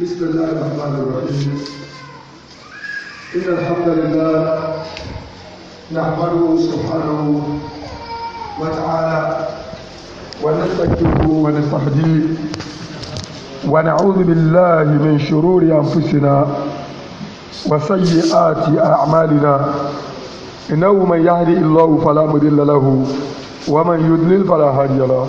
بسم الله الرحمن الرحيم إن الحمد لله نحمده سبحانه وتعالى ونستغفره ونستهديه ونعوذ بالله من شرور أنفسنا وسيئات أعمالنا إنه من يهدي الله فلا مضل له ومن يضلل فلا هادي له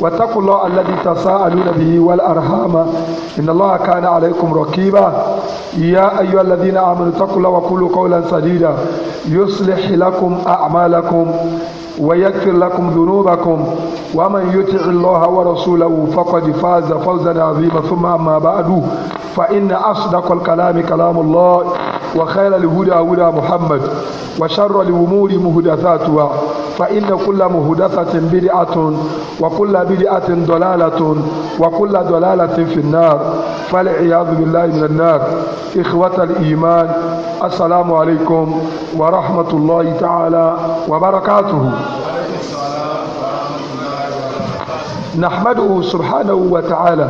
واتقوا الله الذي تساءلون به والأرحام إن الله كان عليكم رقيبا يا أيها الذين آمنوا اتقوا الله وقولوا قولا سديدا يصلح لكم أعمالكم ويغفر لكم ذنوبكم ومن يطع الله ورسوله فقد فاز فوزا عظيما ثم أما بعد فإن أصدق الكلام كلام الله وخير الهدى هدى محمد وشر الأمور مهدثاتها فإن كل مهدثة بدعة وكل بدعة ضلالة وكل ضلالة في النار فالعياذ بالله من النار إخوة الإيمان السلام عليكم ورحمة الله تعالى وبركاته نحمده سبحانه وتعالى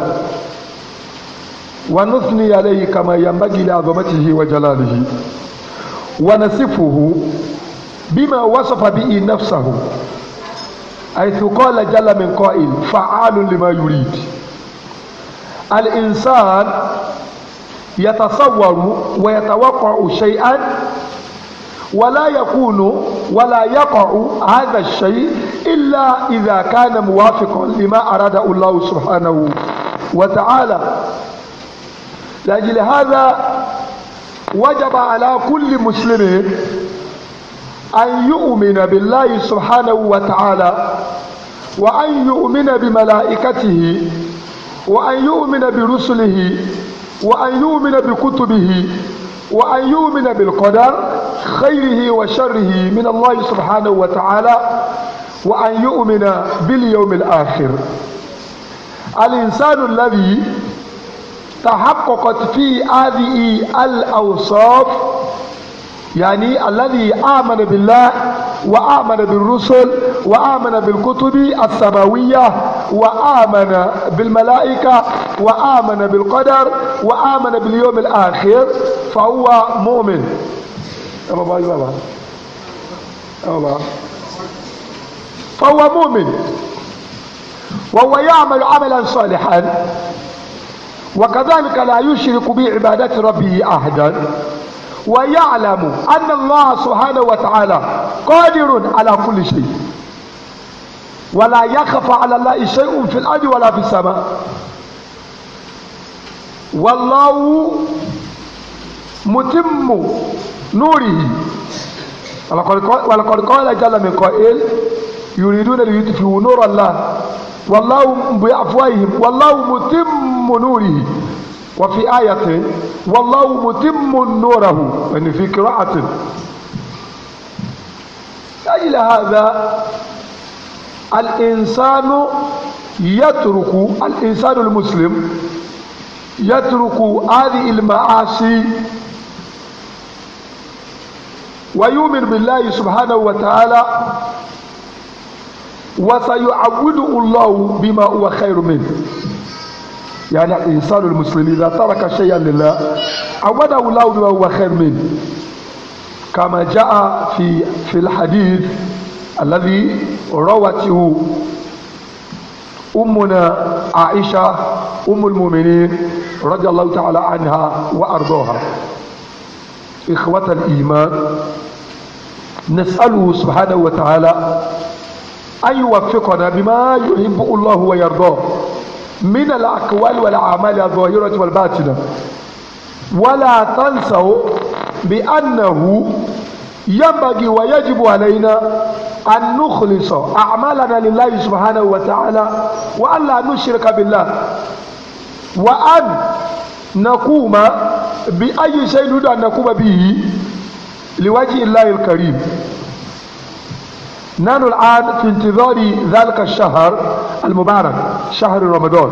ونثني عليه كما ينبغي لعظمته وجلاله ونصفه بما وصف به نفسه حيث قال جل من قائل فعال لما يريد الإنسان يتصور ويتوقع شيئا ولا يكون ولا يقع هذا الشيء إلا إذا كان موافقا لما أراد الله سبحانه وتعالى لاجل هذا وجب على كل مسلم ان يؤمن بالله سبحانه وتعالى وان يؤمن بملائكته وان يؤمن برسله وان يؤمن بكتبه وأن يؤمن بالقدر خيره وشره من الله سبحانه وتعالى وأن يؤمن باليوم الآخر الإنسان الذي تحققت في هذه الأوصاف يعني الذي آمن بالله وآمن بالرسل وآمن بالكتب السماوية وآمن بالملائكة وآمن بالقدر وآمن باليوم الآخر فهو مؤمن فهو مؤمن وهو يعمل عملا صالحا وكذلك لا يشرك بعبادة ربه أحدا ويعلم أن الله سبحانه وتعالى قادر على كل شيء ولا يخفى على الله شيء في الأرض ولا في السماء والله متم نوره ولقد قال جل من قائل يريدون ليطفئوا نور الله والله بعفوهم والله متم نوره وفي آية والله متم نوره يعني في قراءة أجل هذا الإنسان يترك الإنسان المسلم يترك هذه المعاصي ويؤمن بالله سبحانه وتعالى وسيعوده الله بما هو خير منه يعني الإنسان المسلم إذا ترك شيئا لله عوده الله بما هو خير منه كما جاء في في الحديث الذي روته أمنا عائشة أم المؤمنين رضي الله تعالى عنها وأرضاها إخوة الإيمان نسأله سبحانه وتعالى أن يوفقنا بما يحب الله ويرضاه من الأقوال والأعمال الظاهرة والباطنة ولا تنسوا بأنه ينبغي ويجب علينا أن نخلص أعمالنا لله سبحانه وتعالى وأن لا نشرك بالله وأن نقوم بأي شيء نريد أن نقوم به لوجه الله الكريم نحن الآن في انتظار ذلك الشهر المبارك شهر رمضان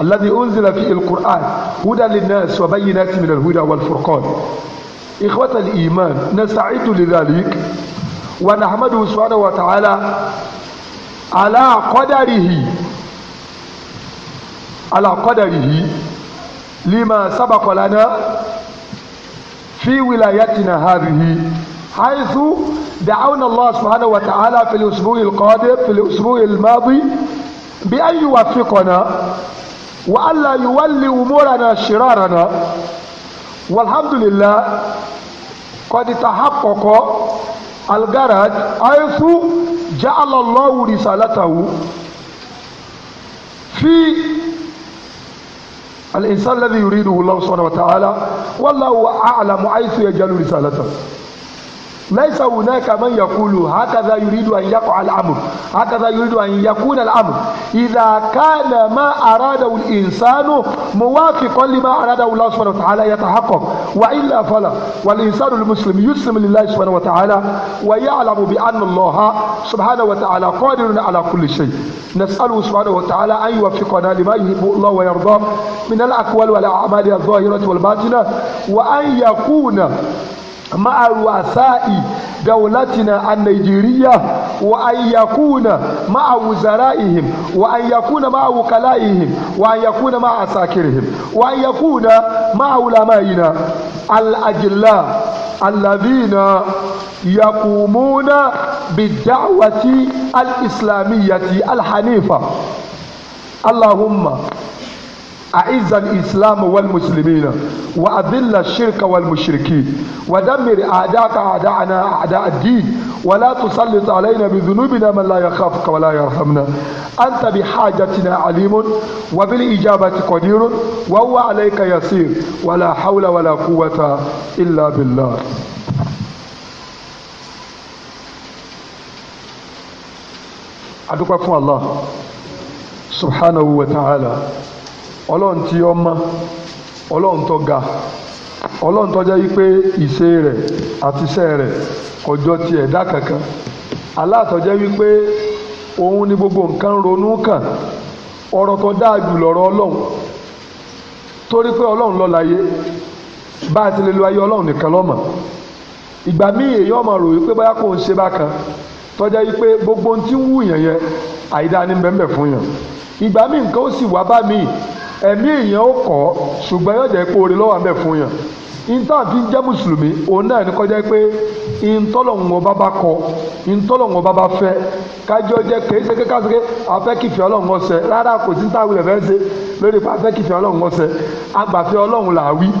الذي أنزل فيه القرآن هدى للناس وبينات من الهدى والفرقان إخوة الإيمان نستعد لذلك ونحمده سبحانه وتعالى على قدره على قدره لما سبق لنا في ولايتنا هذه حيث دعونا الله سبحانه وتعالى في الأسبوع القادم في الأسبوع الماضي بأن يوفقنا وألا يولي أمورنا شرارنا والحمد لله قد تحقق الغرض حيث جعل الله رسالته في الإنسان الذي يريده الله سبحانه وتعالى والله أعلم حيث يجعل رسالته ليس هناك من يقول هكذا يريد أن يقع الأمر هكذا يريد أن يكون الأمر إذا كان ما أراده الإنسان موافقا لما أراده الله سبحانه وتعالى يتحقق وإلا فلا والإنسان المسلم يسلم لله سبحانه وتعالى ويعلم بأن الله سبحانه وتعالى قادر على كل شيء نسأله سبحانه وتعالى أن يوفقنا لما يحب الله ويرضاه من الأقوال والأعمال الظاهرة والباطنة وأن يكون مع رؤساء دولتنا النيجيرية وأن يكون مع وزرائهم وأن يكون مع وكلائهم وأن يكون مع عساكرهم وأن يكون مع علمائنا الأجلاء الذين يقومون بالدعوة الإسلامية الحنيفة اللهم أعز الإسلام والمسلمين وأذل الشرك والمشركين ودمر أعداءك أعداءنا أعداء الدين ولا تسلط علينا بذنوبنا من لا يخافك ولا يرحمنا أنت بحاجتنا عليم وبالإجابة قدير وهو عليك يسير ولا حول ولا قوة إلا بالله adúpẹ́ الله سبحانه وتعالى ọlọ́run tí ó mọ́ ọlọ́run tó ọlọ́run tó jẹ́ wípé ìṣe rẹ̀ àti iṣẹ́ rẹ̀ kò ti ẹ̀dá kankan Allah jẹ́ wípé òun ni gbogbo nǹkan ronú kàn ọ̀rọ̀ tó dáa jù lọ́rọ̀ ọlọ́run torí pé ọlọ́run ló láyé bá a ti lè lo ayé ọlọ́run nìkan ló ìgbà míì èyí máa rò wípé báyà kò ń ṣe bákan tọ́jà yìí pé gbogbo ohun tí ń wù yẹn yẹn àyídá ni bẹ́ẹ̀ fún yàn ìgbà míì nǹkan ó sì mi ẹ̀mí èèyàn ó kọ́ ṣùgbọ́n yóò jẹ́ pé oore lọ́wọ́ àbẹ̀ fún yàn ìntàn fi jẹ́ mùsùlùmí òun náà ní kọjá pé ìntọ́lọ̀wọ̀n bá bá kọ bá bá fẹ́ kájọ jẹ́ kèé ṣe afẹ́ kìfẹ́ ọlọ́run rárá kò sí táwọn ilẹ̀ fẹ́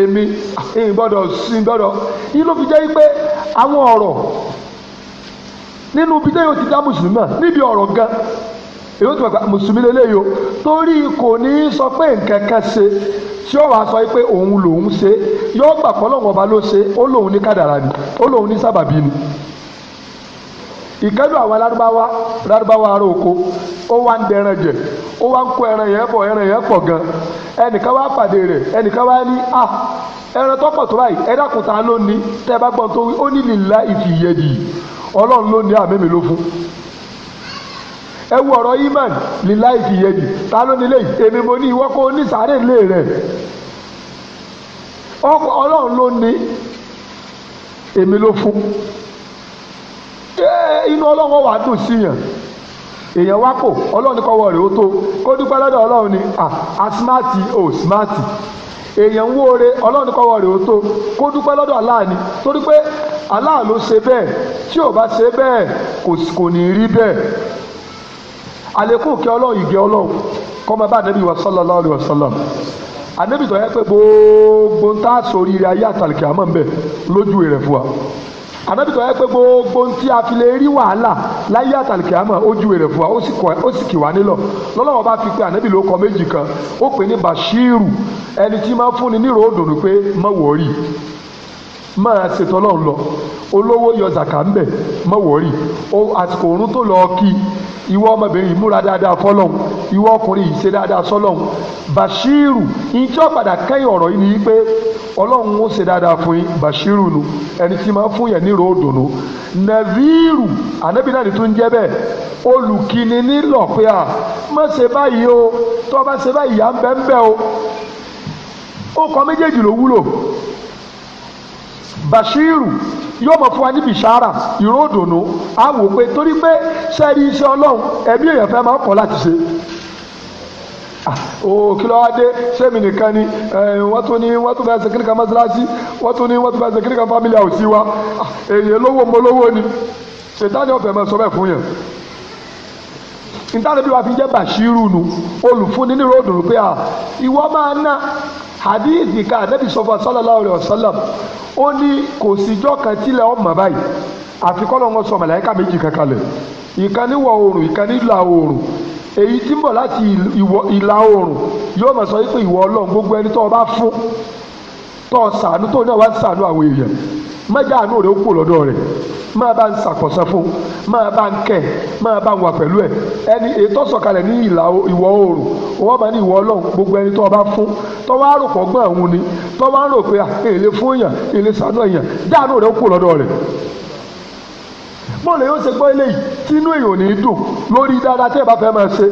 èmi ìgbọ́dọ̀ sí gbọ́dọ̀ yìí ló fi jẹ́ pé àwọn ọ̀rọ̀ nínú ibi tẹ́yọ̀ ti dá mùsùlùmí náà níbi ọ̀rọ̀ gan èyí ó ti pàpà mùsùlùmí lélẹ́yìí o torí kò ní í sọ pé nǹkan kan ṣe tí ó wàá sọ pé òun lòun ṣe yóò gbà lọ́wọ́ ọba ló ṣe ó lòun ní kádàrà ni ó lòun ní sábàbí ni. ìkẹ́lù àwọn lárúbáwá lárúbáwá ara oko ó wá ń dẹran jẹ ó wá ń kó ẹran yẹn ẹran yẹn gan ẹnìkan wá pàdé rẹ̀ ẹnìkan wá ní a ah, ẹran tó tó báyìí ẹ̀dàkùn ta ló ní tẹ́ bá gbọ́n tó wí ó ìfìyẹ́dì ọlọ́run iman ìfìyẹ́dì ta ló nílé yìí èmi mo ní ìwọ́kọ́ onísàárè lé rẹ̀ ọlọ́run ló ní èmi ló fún. ṣé inú ọlọ́run wà dùn siyan èèyàn wá kò ọlọ́run ní kọ́wọ́ rẹ̀ ó tó ni a smart o smart èèyàn ń wóore ọlọ́run ní kọ́wọ́ rẹ̀ ó tó kó dúpẹ́ lọ́dọ̀ ni torí pé Allah ló ṣe bẹ́ẹ̀ tí ò bá ṣe bẹ́ẹ̀ kò ní rí bẹ́ẹ̀ àlékún kí ọlọ́run ìgẹ́ ọlọ́run kọ́ máa bá ànábì wa sallallahu alaihi tó yẹ pé gbogbo ń tá anabi tó pé gbogbo ntí a fi lè rí wàhálà láyé àtàlìkè àmọ́ o rẹ̀ fún wa ó sì kì wá nílọ lọ́lọ́wọ́ bá fi pé kọ méjì kan ó pè ní Bashiru ẹni tí máa fúnni nírò ó dùnú pé mọ́wọ́ máa ṣètò ọlọ́run lọ olówó yọ mbẹ ń bẹ̀ mọ́ wọ́ọ̀rì àsìkò òórùn tó lọ kí ìwọ ọmọbìnrin múra dáadáa fọlọ́hún bashiru ìjọ padà kẹ́yìn ọ̀rọ̀ yìí ni pé ọlọ́run ó ṣe dáadáa fún bashiru nu ẹni tí máa fún yẹn nírò òdòdó nàvíìrù ànábì náà jẹ́ bẹ́ẹ̀ olùkíni pé à o ṣe báyìí ń o kọ méjèèjì ló wúlò bashiru yóò mọ̀ fún wa ní bishara ìró òdòdó á wò pé torí pé sẹ́ẹ̀rí iṣẹ́ ọlọ́run ẹ̀mí èèyàn fẹ́ máa ń kọ́ láti ṣe o kí ló wá dé sẹ́mi nìkan ni wọ́n tún ní wọ́n tún fẹ́ ṣe kíríkà mọ́sálásí wọ́n tún ní wọ́n tún fẹ́ ṣe kíríkà fámìlì àwòsí wa èyí lówó mo lówó ni ṣètàní ọ̀fẹ́ mọ́ sọ bẹ́ẹ̀ fún yẹn nítorí bí wàá fi jẹ́ bàṣírù nu olùfúnni ní ròdùn pé hadithi ká anabi sọfọ sallallahu alayhi wa sallam ó ní kò síjọ́ kan tílẹ̀ ọmọ báyìí àfi kọ́ lọ́wọ́ sọ màláíkà méjì kankan lẹ̀ ìkan ní ìwọ̀ oòrùn ìkan ní ìlà oòrùn èyí tí ń bọ̀ láti ìlà oòrùn yóò máa sọ wípé ìwọ ọlọ́run gbogbo ẹni tó o bá fún tó o ṣàánú tó o náà wá ń ṣàánú àwọn èèyàn mẹ́jà àánú rẹ̀ ó kú lọ́dọ̀ rẹ̀ máa bá ń ṣàkóso fún máa bá ń kẹ̀ máa bá ń wà pẹ̀lú ẹ̀ ẹni ètò sọ̀kalẹ̀ ní ìlà ìwọ̀ oòrùn wọ́n máa ní ìwọ̀ ọlọ́run gbogbo ẹni tó o bá fún tó wá rò pọ̀gbọ́n òun ni tó wá rò pé èlé fún èèyàn èlé sànú èèyàn dáàánú rẹ̀ ó kú lọ́dọ̀ rẹ̀ bóòlù yóò ṣe gbọ́ eléyìí tí inú èèyàn ò ní dùn lórí dáadáa tẹ́ ẹ bá fẹ́ máa ṣe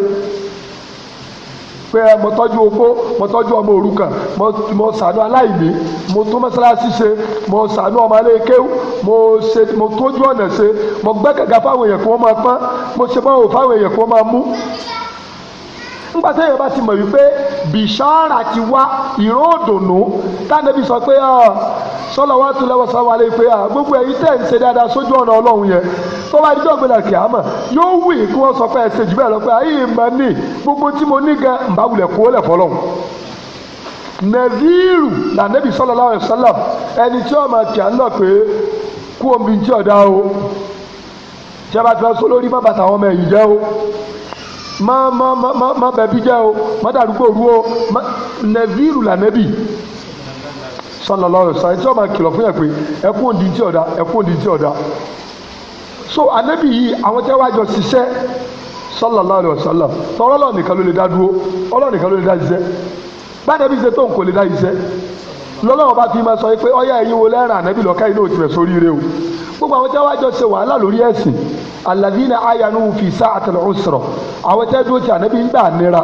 pé mo tọ́jú opó mo tọ́jú ọmọ òrukàn mo ṣàánú aláìní mo tún mọ́sálásí ṣe mo ṣàánú ọmọ alékéwú mo ṣe mo tójú ọ̀nà ṣe mo gbẹ́kẹ̀gà fáwọn èèyàn kí wọ́n máa pọ́n mo ṣe báwo fáwọn èèyàn kí wọ́n máa mú nígbà tí èèyàn bá ti mọ̀ wípé bìṣọ́ra ti wá ìró òdòdó tánàbí sọ pé ah, sọlọ wa tún lọ́wọ́ sáwọn alẹ́ pé ah, gbogbo ẹ̀yin tẹ̀ ń ṣe dáadáa sójú ọ̀nà ọlọ́run yẹn tó bá dídọ́ gbẹ̀dà kìámọ̀ yóò wù kí wọ́n sọ pé ṣe jù bẹ́ẹ̀ lọ gbogbo tí mo ní gan ń bá wulẹ̀ kó lẹ̀ sọlọ láwọn a Ma ma ma ma bẹ̀bí jẹ́ o má dàdúgbò rú o nẹ́bírù lànẹ́bì sọlọlọ ṣàyẹ tí wọ́n máa kìlọ̀ fún yẹn pé ẹkún òdì tí ọ̀dà ẹkún òdì tí ọ̀dà so ànẹ́bì yìí àwọn tí wọ́n jọ ṣiṣẹ́ sọlọlọ rẹ sọlọ tọrọ lọ nìkan ló lè dá dúró ọlọ nìkan ló lè dá ṣiṣẹ́ gbàdẹ́bí ṣe tó nǹkan lè dá ṣiṣẹ́ lọ́lọ́wọ́ bá fi máa sọ pé ọyá ẹ̀yin wo lẹ́ràn ànẹ́bì lọ́kẹ́ inú òtún ẹ̀ sórí rẹ o gbogbo àwọn tí wọ́n wá jọ ṣe wàhálà lórí ẹ̀sìn alladhina ayanu fi sa'atil usra àwọn tẹ́ dúró ti ànábì ń gbà nira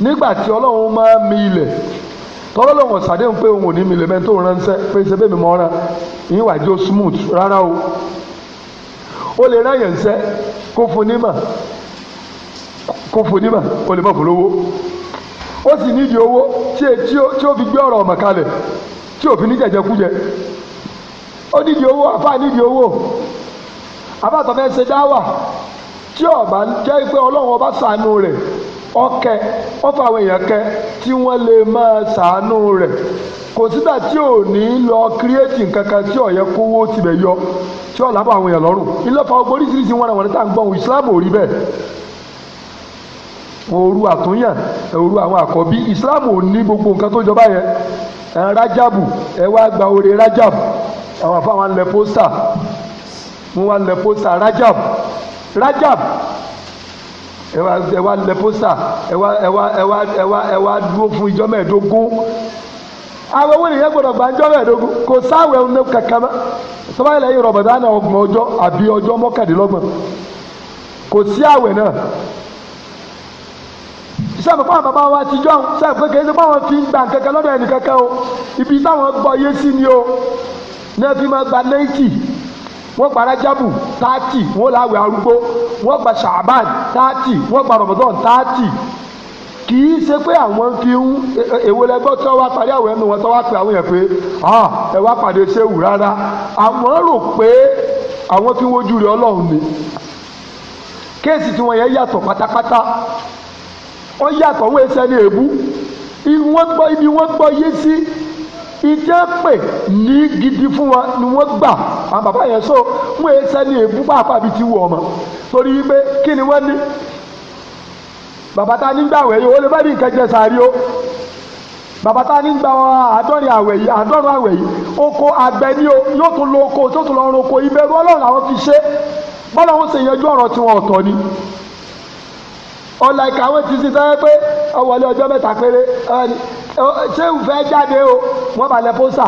nígbà tí ọlọ́run máa mi ilẹ̀ tọ́lọ́ lọ́wọ́ sàdéhùn pé òun ò ní mi ilẹ̀ mẹ́tò ránṣẹ́ pé ṣe bẹ́ẹ̀ mi mọ́ ọ́rán ìyín wàá jó smooth rárá o ó lè ráyè ńṣẹ́ kó fún nímọ̀ kó fún nímọ̀ ó lè má fún lówó ó sì nídìí owó e, tí ó fi gbé ọ̀rọ̀ ọ̀mọ̀ kalẹ̀ tí òfin ní jẹjẹkújẹ ó owo owó àfáà nídìí owó àfáà tó fẹ́ ṣe dáwà tí ọba jẹ́ pé ọlọ́run ọba ṣàánú rẹ̀ ọkẹ ọfà àwọn èèyàn ya tí wọ́n lè máa ṣàánú rẹ̀ kò sígbà tí ò ní lọ kírẹ́tì kankan tí ọ̀yẹ́ kówó tibẹ̀ yọ tí ọ̀là bá àwọn èèyàn lọ́rùn ilé oríṣiríṣi wọn àwọn níta ń gbọ́n Islam ò rí bẹ́ẹ̀ òru àtúnyàn àwọn àkọ́bí ò ní gbogbo nǹkan tó jọba yẹn ẹ̀ rájàbù wá gba oore rájàbù àwọn àfa wọn lẹ pósítà wọn wá lẹ pósítà Rajab Rajab ẹ wá ẹ wá lẹ pósítà ẹ wá ẹ wá ẹ wá ẹ wá ẹ wá dúró fún ìjọ mẹ́ẹ̀ẹ́dógún àwọn owó nìyẹn gbọ́dọ̀ gbà ń jọ mẹ́ẹ̀ẹ́dógún kò sáwẹ̀ ọ̀nà kankan mọ́ sọ́wọ́n ilẹ̀ yìí rọ̀bọ̀dá náà ọgbọ̀n ọjọ́ àbí ọjọ́ mọ́kàndínlọ́gbọ̀n kò sí àwẹ̀ náà iṣẹ́ àpapọ̀ àwọn bàbá wa ti jọ́ sẹ́yìn pé kì í ṣe pé àwọn fi ń gbà kankan lọ́dọ̀ ẹnì kankan o ibi táwọn gbọ́ yé sí ni o náà fi máa gba náìtì wọ́n gba rajabu tààtì wọ́n láwẹ̀ arúgbó wọ́n gba shaban tààtì wọ́n gba ramadan tààtì kì í ṣe pé àwọn fi ń èwo lẹgbọ́ tí wọ́n wá parí àwọn ẹnu wọn tí wọ́n wá pe àwọn yẹn pé ẹ wá pàdé ṣéwù rárá àwọn rò pé àwọn fi ń wojú rẹ ọlọ́run ni kéèsì tí wọ́n yẹn yàtọ̀ pátápátá wọ́n yàtọ̀ wọ́n ẹsẹ̀ ní èébú ìwọ́n gbọ́ ibi wọ́n gbọ́ yé sí. ìjẹ́ pè ní gidi fún wọn ni wọ́n gbà àwọn bàbá yẹn so wọ́n yẹ sẹ́ni èébú pàápàá bíi ti wù ọmọ torí pé kí ni wọ́n ní bàbá ta ní gbàwẹ̀ yìí ó lè ní nǹkan jẹ bàbá ta ní gba àádọ́rin àwẹ̀ yìí àádọ́rin àwẹ̀ yìí oko àgbẹ̀ ni o yóò tún lo oko tó tún lọ roko ìbẹ̀rù fi ṣe bọ́lá wọn sì yanjú ọ̀rọ̀ tiwọn ọ̀tọ̀ ni unlike àwọn ti sin sọ́yẹ́ pé ọwọ́lé ọjọ́ mẹ́ta péré ṣé ń fẹ́ jáde o wọ́n bá lẹ pósà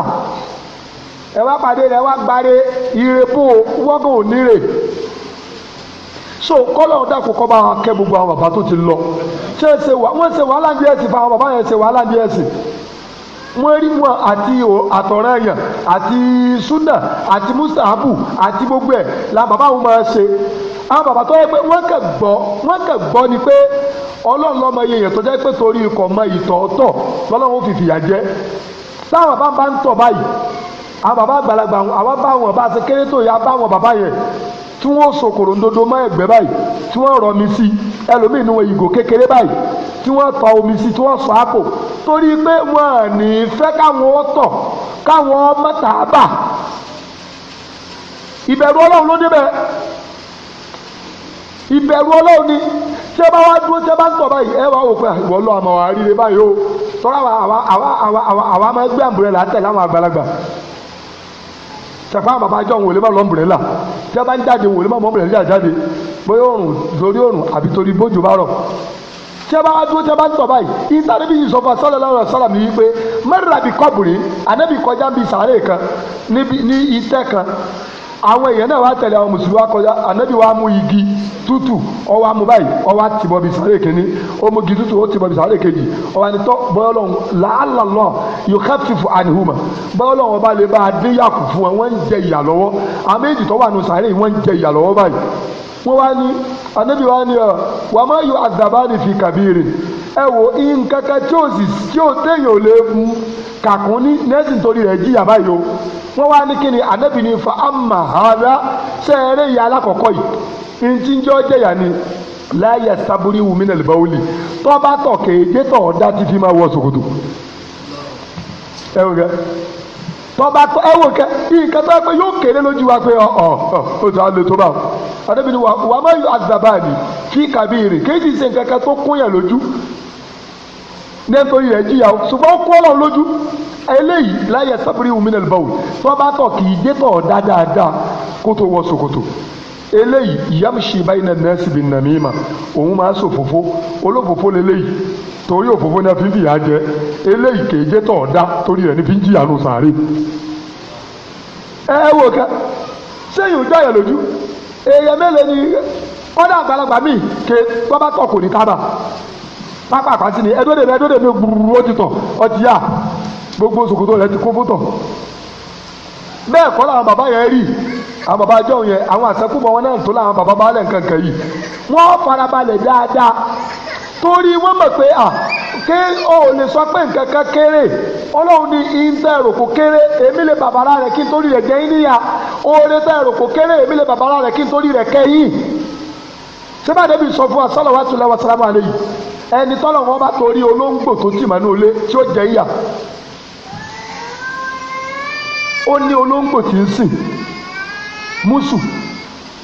ẹ wá pàdé rẹ wá gbáre ire bò wọ́gàn ò níre so kọ́lọ̀ ọ̀dà kò kọ́ bá wọn kẹ́ gbogbo àwọn bàbá tó ti lọ ṣé ṣe wà wọ́n ṣe wàhálà ní ẹ̀sìn fún àwọn bàbá yẹn ṣe wàhálà ní ẹ̀sìn wọ́n rí wọn àti àtọ̀rẹ́ yẹn àti sunna àti mustahabu àti gbogbo ẹ̀ la bàbá wọn máa ṣe àwọn bàbá tó yẹ pé wọ́n kàn gbọ́ wọ́n kàn gbọ́ ni pé ọlọ́run lọ́mọ iye èèyàn tó jẹ́ pé torí ikọ̀ mọ ìtọ̀ọ̀tọ̀ lọ́lọ́run fi fìyà jẹ táwọn bàbá bá ń tọ̀ báyìí àwọn bàbá àgbàlagbà àwọn bá wọn bá ṣe kéré tó yẹ bá wọn bàbá yẹn tí wọ́n sòkòrò ńdodo mọ́ ẹ̀gbẹ́ báyìí tí wọ́n rọ mi sí ẹlòmíì nínú ìgò kékeré báyìí tí wọ́n fa omi sí tí wọ́n sọ àpò torí pé wọ́n ní fẹ́ káwọn ọ̀tọ̀ káwọn mọ̀tàbà ìbẹ̀rù ọlọ́run ló débẹ̀ ìbẹ̀rù ọlọ́run ni tí ẹ bá wá dúró tí ẹ bá ń sọ báyìí ẹ wá wò pé ìwọ lọ àmọ́ àwa ríire báyìí o tọ́lá àwa àwa àwa àwa àwa máa gbé àmbrẹ́là tẹ̀lé àwọn àgbàlagbà sẹ̀fọ́n bàbá jọ wò lè má lọ àmbrẹ́là tí ẹ bá ń jáde wò lè má mọ àmbrẹ́là jáde bóyá òrùn lórí òrùn àbí torí bójú bá rọ̀ tí ẹ bá wá dúró tí ẹ bá ń sọ báyìí ìsáré bí Yusuf sallallahu alaihi wasallam yìí pé mẹ́rìnlá bí kọ́bùrì ànábì kọjá bí sàárè kan ní iṣẹ́ kan àwọn èèyàn náà wá tẹ̀lé àwọn mùsùlùmí wa kọjá ànábì wa mú igi tútù ó wá mú báyìí ó wá tìbọ̀ sáré kìíní ó igi tútù ó tìbọ̀ bí sáré kejì ó wá tọ́ bọ́yọ̀ làálàlọ́ yóò kẹ́pìtìfù àníhùmà bọ́yọ̀ lọ́hùn ọba lè bá adéyàkù fún wọn wọ́n ń jẹ ìyà àmì èjì wà nù sáré wọ́n ń jẹ ìyà báyìí. wọ́n wá ní wá ní ọ wà má yọ fi kàbírì ẹ wò nǹkan tí ò sì tí ò téèyàn ò lè kàkún ní nẹ́sìn torí rẹ̀ jíyà báyìí o wọ́n wá ní kíni anabi ní fa ama hada ṣe alákọ̀ọ́kọ́ yìí tọba tọ ẹ wò kẹ nǹkan tó yẹ pé yóò kéré lójú wa pé ọ ọ ó ti àlè tó bá adébíyí wa wà má yọ azabani fi kàbíyèrè kéjì ṣe nǹkan kan tó kún yẹn lójú nítorí rẹ̀ jìyà o ṣùgbọ́n ó kọ́ ọ lójú eléyìí láyé sábúrí wùmí nàlùbáwò tọ́ba tọ̀ kì í dé tọ̀ dáadáa kó tó wọ ṣòkòtò eléyìí yamshi bayna nẹ́ẹ̀sì bin namima òun máa ṣòfófó olófófó leléyìí torí òfófó náà fi ń fìyà jẹ eléyìí kéje tó ọ̀dá torí rẹ̀ ní fi ń jìyà nù sàárè. ẹ wò ká sẹ́yìn ojú àyà lójú èèyàn mélòó ni kọ́dà àgbàlagbà míì ké bọ́bá tọ̀ kò ní tábà pápá àpáti ni ẹdọ́dẹ̀ mi ẹdọ́dẹ̀ mi gbùrù ó ti tọ̀ ọ ti yá gbogbo ṣòkòtò rẹ̀ ti kún fún tọ̀ bẹ́ẹ̀ kọ́ làwọn bàbá yẹn rí àwọn bàbá àjọ yẹn àwọn àṣẹkùbọ̀ wọn náà tó láwọn bàbá baálẹ̀ nǹkan kan yìí wọ́n farabalẹ̀ dáadáa torí wọ́n mọ̀ pé à ké o ò lè sọ pé nǹkan kan kéré ọlọ́run ní ìńtẹ́ ẹ̀rọ̀kọ̀ kéré èmi lè bàbára rẹ̀ kí n torí rẹ̀ jẹ́ níyà oore tẹ́ ẹ̀rọ̀kọ̀ kéré èmi lè bàbára rẹ̀ kí n torí rẹ̀ kẹ́yìn sẹ́bàdé bí sọ fún wa sọ́lọ́ wa tún lẹ́wọ́ sálámà lẹ́yìn ẹni tọ́lọ̀ wọn bá torí olóńgbò tó tì mọ́ ní olé tí ó jẹ́ yà ó ní olóńgbò tí ń sìn musu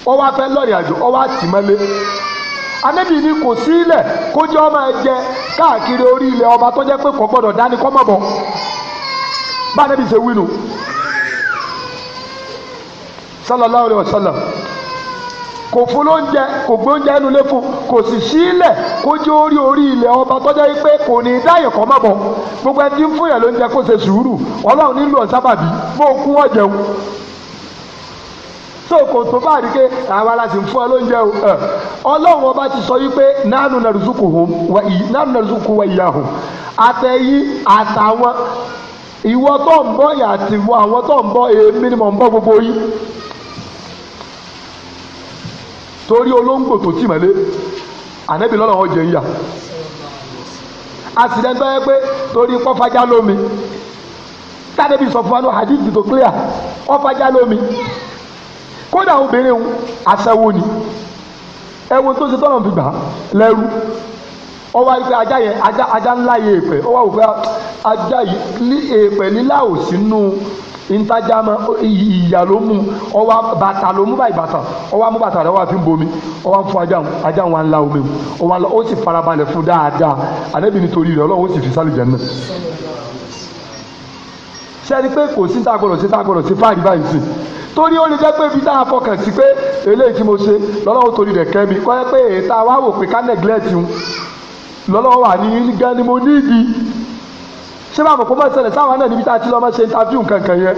ó wá fẹ́ lọ́rìn àjò ó wá tì mọ́lé anabi ni kò sí ilẹ̀ kójú ọmọ ẹ káàkiri orí ilẹ̀ ọba tó jẹ́ pé kò gbọ́dọ̀ dání kọ́ mọ̀ bọ̀ bá anabi ṣe wí nù sallallahu alayhi wa sallam kò fún lóúnjẹ kò ẹnu lé fún kò sì sí ilẹ̀ kójú orí orí ilẹ̀ ọba pé kò ní dáyẹ̀ ń fún so kò tó bá rí pé àwa la sì ń fún ọ lóúnjẹ o ọlọ́run ọba ti sọ wípé nánú nàrúzùkù wa ìyàhùn àtẹ̀yí àtàwọn ìwọ tó ń bọ̀ yà àti ìwọ àwọn tó ń bọ̀ èémí ni mò ń bọ̀ gbogbo yìí torí olóńgbò tó tì mọ́lé ànábì lọ́nà wọn jẹ ìyà àtìlẹ́gbẹ́ yẹ pé torí kọ́fàjà lómi tàdébí sọ fún wa ní hadith tó clear kọ́fàjà lómi kódà obìnrin òun aṣẹ́wó ni ẹ̀wọ̀n tó ṣe tọ́nà fi gbà lẹ́rú ọwọ́ ayé pé ajá yẹn ajá ajá ńlá yẹ èèpẹ̀ ọwọ́ àwọn òfin ajá yìí èèpẹ̀ lílá ò sínú ntajama ìyà ló mú ọwọ́ bàtà ló mú báyìí bàtà ọwọ́ amú bàtà rẹ̀ wà fi ń bomi ọwọ́ ń fún ajá ń ajá wa ńlá omi ọwọ́ ńlá ó sì farabalẹ̀ fún dáadáa ànábì nítorí rẹ̀ ọlọ́run ó sì fi sálì jẹ́ náà sẹ́ni pé kò sí gbọ́dọ̀ sí gbọ́dọ̀ sí fáàrí báyìí sí torí ó lè jẹ́ pé ibi tá fọkàn sí pé eléyìí tí mo ṣe lọ́lọ́wọ́ torí rẹ̀ kẹ́ kọ́ ẹ pé ètà wa wò pé ká neglect un lọ́lọ́wọ́ wà ní gan ni mo ní ibi ṣé báwo kó mọ̀ ṣẹlẹ̀ sáwọn náà níbi tá a ti lọ mọ̀ ṣe interview kankan yẹn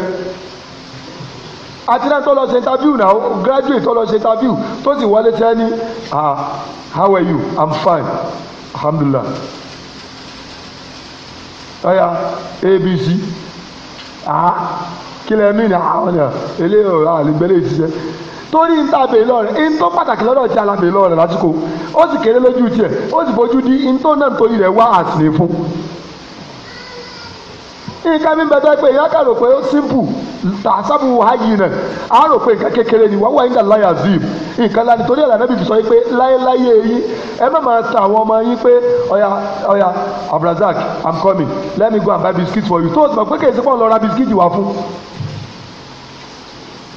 àti náà tó lọ ṣe interview náà graduate tó lọ ṣe interview tó sì wọlé tẹ́ ní ah how are you i'm fine alhamdulillah ọ̀ya abc ah. kílẹ̀ mí ni àwọn ọ̀nà eléyìí ọ̀rọ̀ àlùgbẹ́lẹ̀ ìṣiṣẹ́ torí ń tàbí lọ́rẹ̀ ń tó pàtàkì lọ́dọ̀ tí alábẹ̀ lọ́rẹ̀ lásìkò ó sì kéré lójú tiẹ̀ ó sì fojú di ń tó náà torí rẹ̀ wá àtìlẹ́ fún nǹkan mi bẹ̀tẹ̀ pé ìyá kan rò pé ó simple tàṣàbù wàhálì rẹ̀ á rò pé nǹkan kékeré ni wàhálà yín kà láyà zim nǹkan láti torí ẹ̀rọ anábì sọ pé láyéláyé yín ẹ má máa ta àwọn ọmọ yín pé ọ̀yà ọ̀yà abrazak i'm coming let me go and buy biscuit for you tó o ti mọ̀ pé kèsì pọ̀ lọ ra biscuit wá fún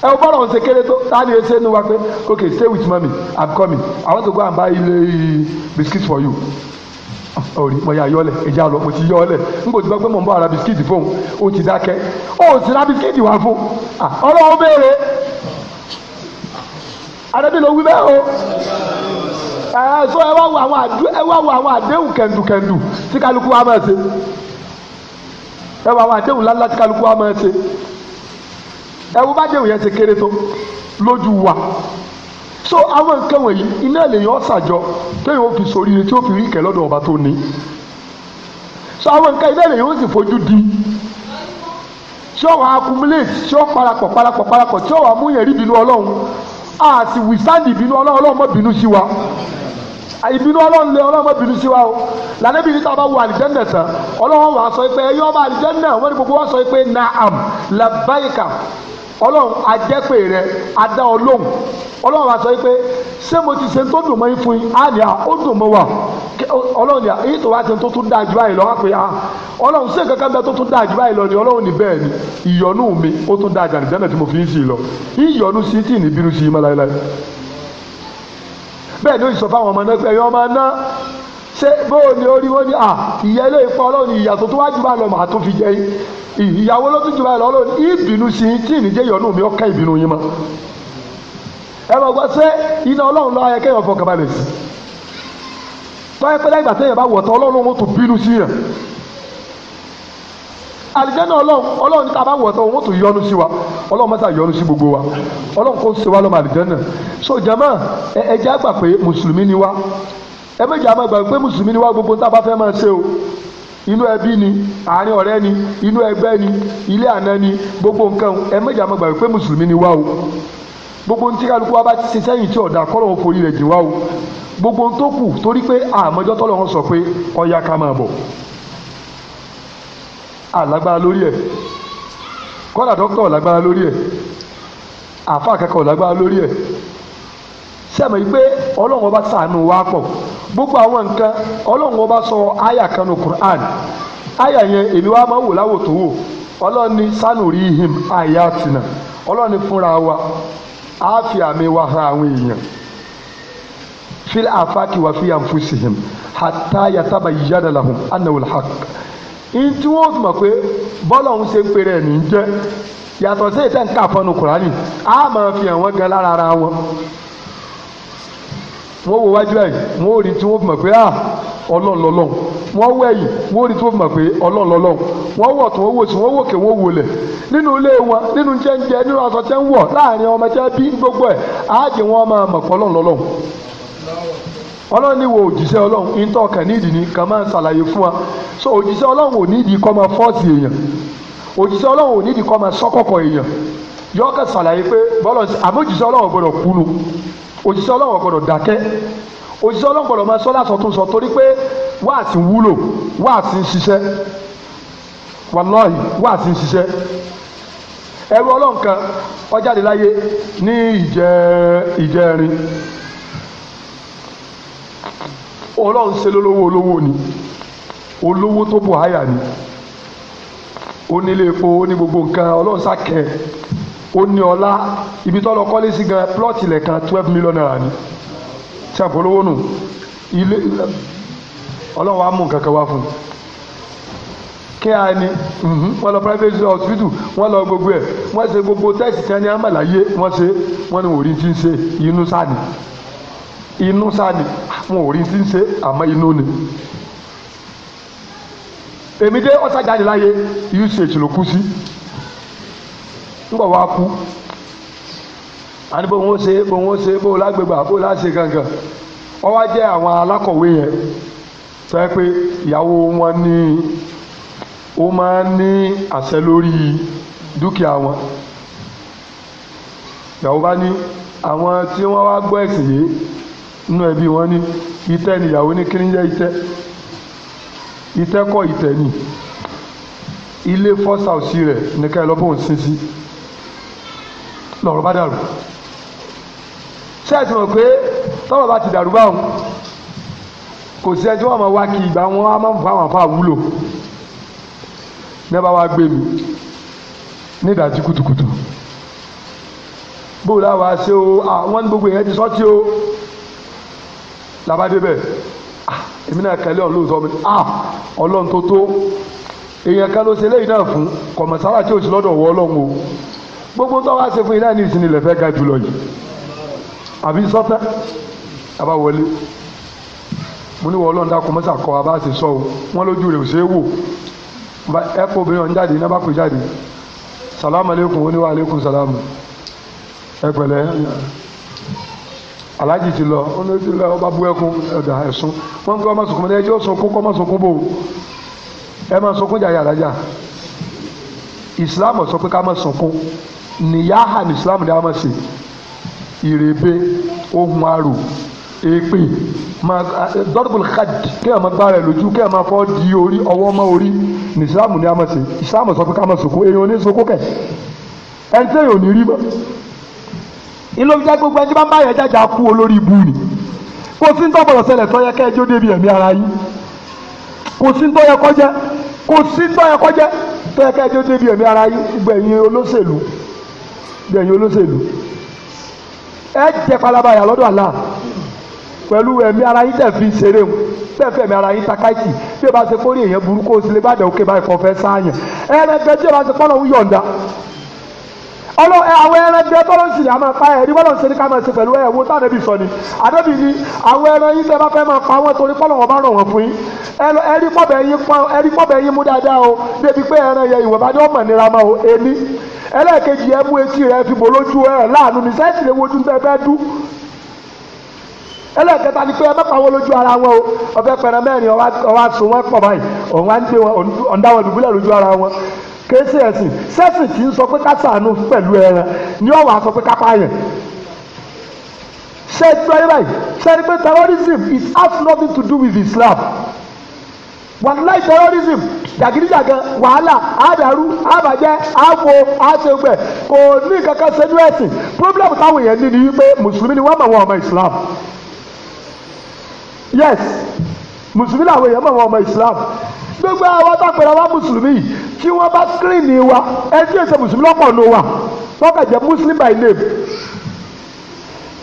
ẹ o bọ́dọ̀ ṣe kéré tó tani ẹ ṣe nu wa pé okay stay with mommy i'm coming i want to go and buy uh, biscuit for you orí mo yà yọlẹ̀ ẹ̀já lọ mo ti yọlẹ̀ n kò ti sọ pé mo ń bọ̀ ara bisikíìtì fún un ó ti dákẹ́ ó ti ra bisikíìtì wá fún ọlọ́wọ́ béèrè àdébí ló wí bẹ́ẹ̀ o ẹ so ẹ wá wo àwọn àdé ẹ wá wo àwọn àdéhùn kẹ̀ǹdùkẹ̀ǹdù tí kálukú wa máa ṣe ẹ wo àwọn àdéhùn lálá tí kálukú wa máa ṣe ẹ wo bá déhùn yẹn ṣe kéré tó lójú wa so àwọn nǹkan wọ̀nyí iná lèyàn ọ̀sàjọ téèyàn ó fi sórí rẹ tí ó fi rí ìkẹ́ lọ́dọ̀ ọba tó ní so àwọn nǹkan iná lèyàn ó sì fojú di tí ó wà accumulate tí ó parapọ̀ parapọ̀ parapọ̀ tí ó wà mú yẹn rí ìbínú ọlọ́run a sì withstand ìbínú ọlọ́run ọlọ́run mọ́ bínú sí wa ìbínú ọlọ́run lé ọlọ́run mọ́ bínú sí wa o lànà ibi níta bá wo àlìjẹ́ndẹ̀ tán ọlọ́run wà á sọ pé ẹ̀yọ́ ọba àlìjẹ́ndẹ̀ wọ́n ní gbogbo wọn sọ pé naam labaika ọlọ́run ajẹ́pè rẹ adá ọlọ́run ọlọ́run wa sọ pé ṣé mo ti ṣe tó dùn mọ́ yín fún yín á ní à ó dùn mọ́ wa ọlọ́run ní èyí tó wá ṣe tó tún dáa jù báyìí lọ wá pé à ọlọ́run ṣé kankan bẹ tó tún dáa jù báyìí lọ ni ọlọ́run ní bẹ́ẹ̀ ni ìyọ́nú mi ó tún dáa jù àdìjẹ́ náà tí mo fi ń sí i lọ ìyọ́nú sí tí ì ní bínú sí i mọ́ láéláé bẹ́ẹ̀ ni ó sọ fáwọn ọmọ náà pé ẹ̀yin ọmọ náà ṣé bóò ni ó rí wọ́n ní à ah, ìyá eléyìí fún ọlọ́run ìyá tó tó wá jù bá lọ màá tó fi jẹ yín ìyàwó ló tún jù bá lọ ọlọ́run ìbínú sí tí ìníjẹ́ ìyọ̀nù mi ọ̀ka ìbínú yín mọ́ ẹ máa gbọ́ ṣé iná ọlọ́run lọ ayẹ kéèyàn fọkàn balẹ̀ sí tọ́yẹ pé lẹ́gbàá téèyàn bá wọ̀ tán ọlọ́run wọn tó bínú sí yàn àlìjẹ́nà ọlọ́run ọlọ́run tá a bá wọ̀ tán wọn tó yọ́nú sí wa ọlọ́run mọ́tà yọ́nú sí gbogbo wa ọlọ́run kò ẹ méjì àmọ́ gbàgbé pé mùsùlùmí ni wá gbogbo tá a bá fẹ́ máa ṣe o inú ẹbí ni àárín ọ̀rẹ́ ni inú ẹgbẹ́ ni ilé àná ni gbogbo nǹkan ẹ méjì àmọ́ gbàgbé pé mùsùlùmí ni wá o gbogbo ntí kálukú wa bá ti ṣe sẹ́yìn tí ọ̀dà kọ́ lọ́wọ́ forí rẹ̀ jì wá o gbogbo ntó kù torí pé àmọ́jọ́ tọ́lọ́ wọn sọ pé ọ̀ya ká máa bọ̀ àlágbára lórí ẹ̀ kọ́dà dókítà ọ̀lágbára lórí ẹ̀ àfa àkẹ́kọ̀ọ́ ọ̀lágbára lórí ẹ̀ gbogbo àwọn nǹkan ọlọ́run ọba sọ àyà kan ní Qur'an àyà yẹn èmi wa máa wò láwò wò ọlọ́run ní him àyà tìǹà ọlọ́run ní fúnra fil afaki wa fi anfusihim hatta yatabayyana lahum annahu alhaq ntí wọ́n tún mọ̀ pé bọ́lọ̀ ń ṣe ń pèrè ẹ̀ ní jẹ́ yàtọ̀ sí ìtẹ̀ǹkà fọnù Qur'ani á máa fi hàn wọ́n wọ́n wo wájú ẹ̀yìn wọ́n rí tí wọ́n fi mọ̀ pé ah ọlọ́run wọ́n wọ ẹ̀yìn wọ́n rí tí wọ́n fi mọ̀ pé wọ́n wọ̀ tó wọ́n wò sí wọ́n wò wọ́n wò lẹ̀ nínú ilé wọn nínú nínú aṣọ wọ̀ láàrin ọmọ bí gbogbo ẹ̀ áàjì wọn máa mọ̀ ni wa so òjíṣẹ́ ọlọ́run ò nídìí kọ́ máa fọ́ọ̀sì èèyàn òṣìṣẹ́ ọlọ́run gbọ́dọ̀ dákẹ́ òṣìṣẹ́ ọlọ́run gbọ́dọ̀ máa sọ lásọtún torí pé wáàsí wúlò wáàsí ń ṣiṣẹ́ wàlọ́ọ̀hì wáàsí ń ṣiṣẹ́ ẹrú ọlọ́run kan láyé ní ìjẹ ìjẹrin ọlọ́run ṣe lólówó olówó ni olówó tó bọ̀ háyà ni onílé epo oní gbogbo nǹkan ọlọ́run sá ẹ ó ní ọlá ibi tó lọ kọ́lé sí gan plọ́ọ̀tì ilẹ̀ kan twelve million naira ni ṣe àpolówó nù ilé ọlọ́run wa mú nǹkan kan wá fún un kíá ni mhm, wọ́n lọ private hospital wọ́n lọ gbogbo ẹ̀ wọ́n ṣe gbogbo tẹ́sì kan ní amàlàyé wọ́n ṣe wọ́n ní òrí ti ń ṣe inú sáni inú sáni wọn òrí ti ń ṣe àmọ́ inú ni. èmi dé ọ̀sán jáde láyé usage ló kú sí ńgbọ̀ wá kú àní bó ń ṣe bó ń ṣe bó lágbègbà bó láṣẹ gangan wọ́n wá jẹ́ àwọn alákọ̀wé yẹn sọ pé ìyàwó wọn ní ó máa ń ní àṣẹ lórí dúkìá wọn ìyàwó bá ní àwọn tí wọ́n wá gbọ́ ẹ̀sìn yìí nínú ẹbí wọn ní ìtẹ́ níyàwó ní kí ni jẹ́ ìtẹ́ ìtẹ́ kọ́ ìtẹ́ ni ilé first house rẹ̀ ní ká ẹ lọ bóun sin sí lọ́rọ̀ bá dàrú ṣẹ́ẹ̀tì mọ̀ pé tọ́rọ̀ bá ti dàrú báwọn kò sí ẹni tí wọ́n máa wá kí ìgbà wọn á máa ń fa àwọn àfa wúlò ní ẹ bá wá gbé mi ní ìdájí kùtùkùtù bóò láwa ṣe o àwọn ní gbogbo yẹn ti sọ́tì o làbá débẹ̀ èmi náà kẹlẹ́ ọ̀hún lóòótọ́ mi ọlọ́run tó tó èèyàn kan ló ṣe eléyìí náà fún kọ̀mọ̀sára tí ò sí lọ́dọ̀ wọ́ ọlọ́run o gbogbo tó wá ṣe fún ilé ní ìsinmi lè fẹ́ ga jùlọ yìí àbí sọ́fẹ́ àbá wọlé mo ní wọ́n ọlọ́run dákun mọ́sà kọ́ abá ṣe sọ o wọ́n lójú rẹ̀ ò ṣe é wò ẹ kó obìnrin ọ̀hún jáde iná bá kó jáde salamu aleykum ó ní wa aleykum salamu ẹ pẹ̀lẹ́ aláàjì ti lọ ó ní ti lọ ọba bú ẹkún ẹ̀dà ẹ̀sùn wọ́n ń pẹ́ ọmọ sọkún mọ́tẹ́ ẹjọ́ sọkún kọ́ ọmọ sọkún bò ẹ máa sọkún jàyà alájà ìsìlámù sọ pé ká máa sọkún nìyáhà ní islam ní àmọ́ sí ìrèbè ohun arò èpè eh, dọ́dọ̀bù khad kí ẹ̀ máa gbá rẹ̀ lójú kí ẹ̀ máa fọ́ di orí ọwọ́ mọ́ orí ní islam ní àmọ́ sí islam sọ pé ká máa sòkó èèyàn ní sòkó kẹ̀ ẹni tẹ́yìn ò ní rí mọ́ ilé ojú gbogbo ẹni tí bá ń bá yẹn jájà kú olórí ibu ni kò sí ń tọ́ bọ̀rọ̀ ṣẹlẹ̀ tọ́ débi ẹ̀mí ara yín kò sí ń tọ́ yẹ kò sí ń tọ́ yẹ kọjá tọ́ débi ẹ̀mí ara yín gbẹ̀yìn olóṣèlú gbẹ̀yìn olóṣèlú ẹ jẹ́ palaba yà lọ́dọ̀ àlá pẹ̀lú ẹ̀mí ara yín tẹ̀ fi ṣeré mu tẹ̀ fẹ̀mí ara yín takáìtì bí ẹ bá ṣe kórè èèyàn burúkú ó sì lè bá dẹ̀ òkè báyìí kọ́ fẹ́ sáàyàn ẹ̀rẹ́gbẹ́ tí ẹ bá ṣe pọ́nlọ́hún yọ̀ǹda ọlọ àwọn ẹran jẹ tọ́lọ́ ń sìn àmọ́ pa ẹ̀rí bọ́lọ̀ ń ṣe ní ká máa ṣe pẹ̀lú ẹ̀wò tá àdébì sọ ni àdébì ni àwọn ẹran yìí tẹ́ bá fẹ́ máa pa wọ́n torí pọ́lọ̀ wọn bá ràn wọ́n fún yín ẹ̀rí pọ̀bẹ̀ yín pa ẹ̀rí pọ̀bẹ̀ yín mú dáadáa o débi pé ẹran yẹ ìwọ̀n bá dé ọmọ nira máa o èmi ẹlẹ́ẹ̀kejì ẹ mú etí rẹ fi bò lójú ẹ láàánú mi sẹ́ẹ̀sì lè wojú bẹ́ẹ̀ bẹ́ẹ̀ dú ẹlẹ́ẹ̀kẹta ni pé ẹ mẹ́fà wọ́n lójú ara wọn o ọ̀fẹ́ pẹ̀rẹ̀ mẹ́rin ọ̀wá sùn wọ́n pọ̀ báyìí ọ̀wá ń gbé wọn ọ̀ndá wọn dùbúlẹ̀ lójú ara wọn kéésì ẹ̀sìn sẹ́sìn kì í sọ pé ká ṣàánú pẹ̀lú ẹran ni ọ̀wà sọ pé ká pààyàn ṣe ìtura báyìí ṣe ni pé terrorism it has nothing to do with Islam wàláì terrorism jàgídíjàgan wàhálà àdàrú àbàjẹ́ àfo àṣegbè kò ní kankan ṣẹ́jú ẹ̀sìn problem táwọn èèyàn ní ni wípé mùsùlùmí ni wọ́n mọ̀ wọ́n ọmọ Islam yes mùsùlùmí làwọn èèyàn mọ̀ wọn ọmọ islam gbogbo àwọn tápẹ̀rẹ̀ wa mùsùlùmí yìí tí wọ́n bá screen wa ẹni tí èsè mùsùlùmí lọ́pọ̀ nù wa lọ́kà jẹ́ muslim by name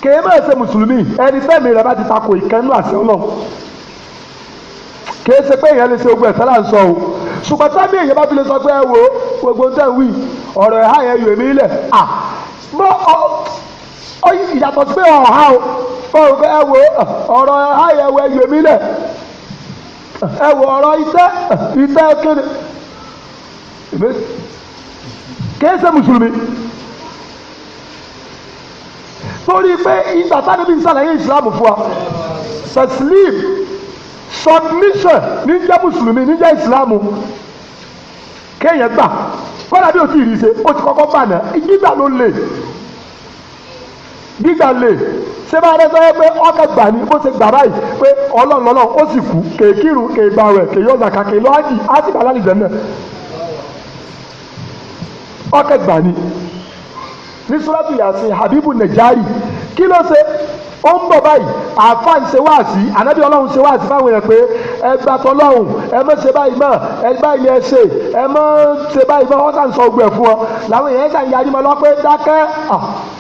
kèé má èsè mùsùlùmí ẹni fẹ́mi rẹ̀ bá ti takò ìkẹ́nu àṣẹ ọlọ́ kèé ṣe pé èèyàn lè ṣe ogun ẹ̀fẹ́ là ń sọ o ṣùgbọ́n sábẹ́ èèyàn bá fi lè sọ pé wo gbogbo tẹ̀ wí ọ̀rọ̀ ẹ̀ háyẹ̀ yò mí lẹ̀ à mọ ìyàtọ̀ sí pé ọ̀há ẹ wọ ọ̀rọ̀ iṣẹ́ iṣẹ́ kéde kìí ṣe mùsùlùmí torí pé ìgbà táwọn ibi ìsàlàyé ìsìlámù fún wa taslim submission níjẹ́ mùsùlùmí níjẹ́ ìsìlámù kéèyàn gbà kọ́dà bí o ti rí i ṣe o ti kọ́kọ́ bà náà ìgbà ló lè. gíga lè ṣé bá rẹ sọyẹ pé ọkà gbà ní bó ṣe gbà báyìí pé ó sì kú kéèkìrù kéègbà rẹ̀ kéèyàn zàkà kéèlọ́ náà Habibu Najari kí ló ṣe ó ń bọ̀ báyìí àáfàá ń ṣe wáàsí ànábì ọlọ́run ṣe wáàsí fáwọn èèyàn pé ẹ gbà tọlọ́run ẹ mọ̀ ṣe báyìí mọ̀ ẹ báyìí ẹ ṣe ẹ mọ̀ ṣe báyìí mọ̀ wọ́n sàn sọ ogun ẹ̀ fún ọ làwọn èèyàn sàn yarí mọ́ lọ́pẹ́ dákẹ́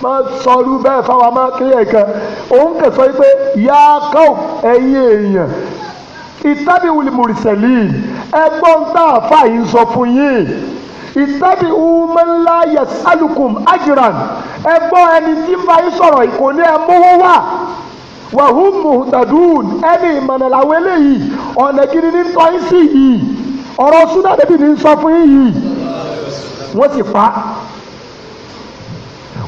mọ sọrú bẹ́ẹ̀ fáwọn ọmọ kílẹ̀ kan òun kẹ̀ sọ pé yá kọ́ ẹ̀yin èèyàn ìtàbí wùlì mùrìsẹ̀lì ẹ gbọ́n tá àáfàá yìí ń sọ fún yín ìsẹ́bi umela yes alukum ajiran ẹgbọ́n ẹni tí ń bá yín sọ̀rọ̀ ìkò ní ẹ mówó wà wàhùn muhtadun ẹni ìmọ̀nà làwọn eléyìí ọ̀nà gidi ní tọ́ yín sí yìí ọ̀rọ̀ súnà débi ní sọ fún yín yìí wọ́n sì pa á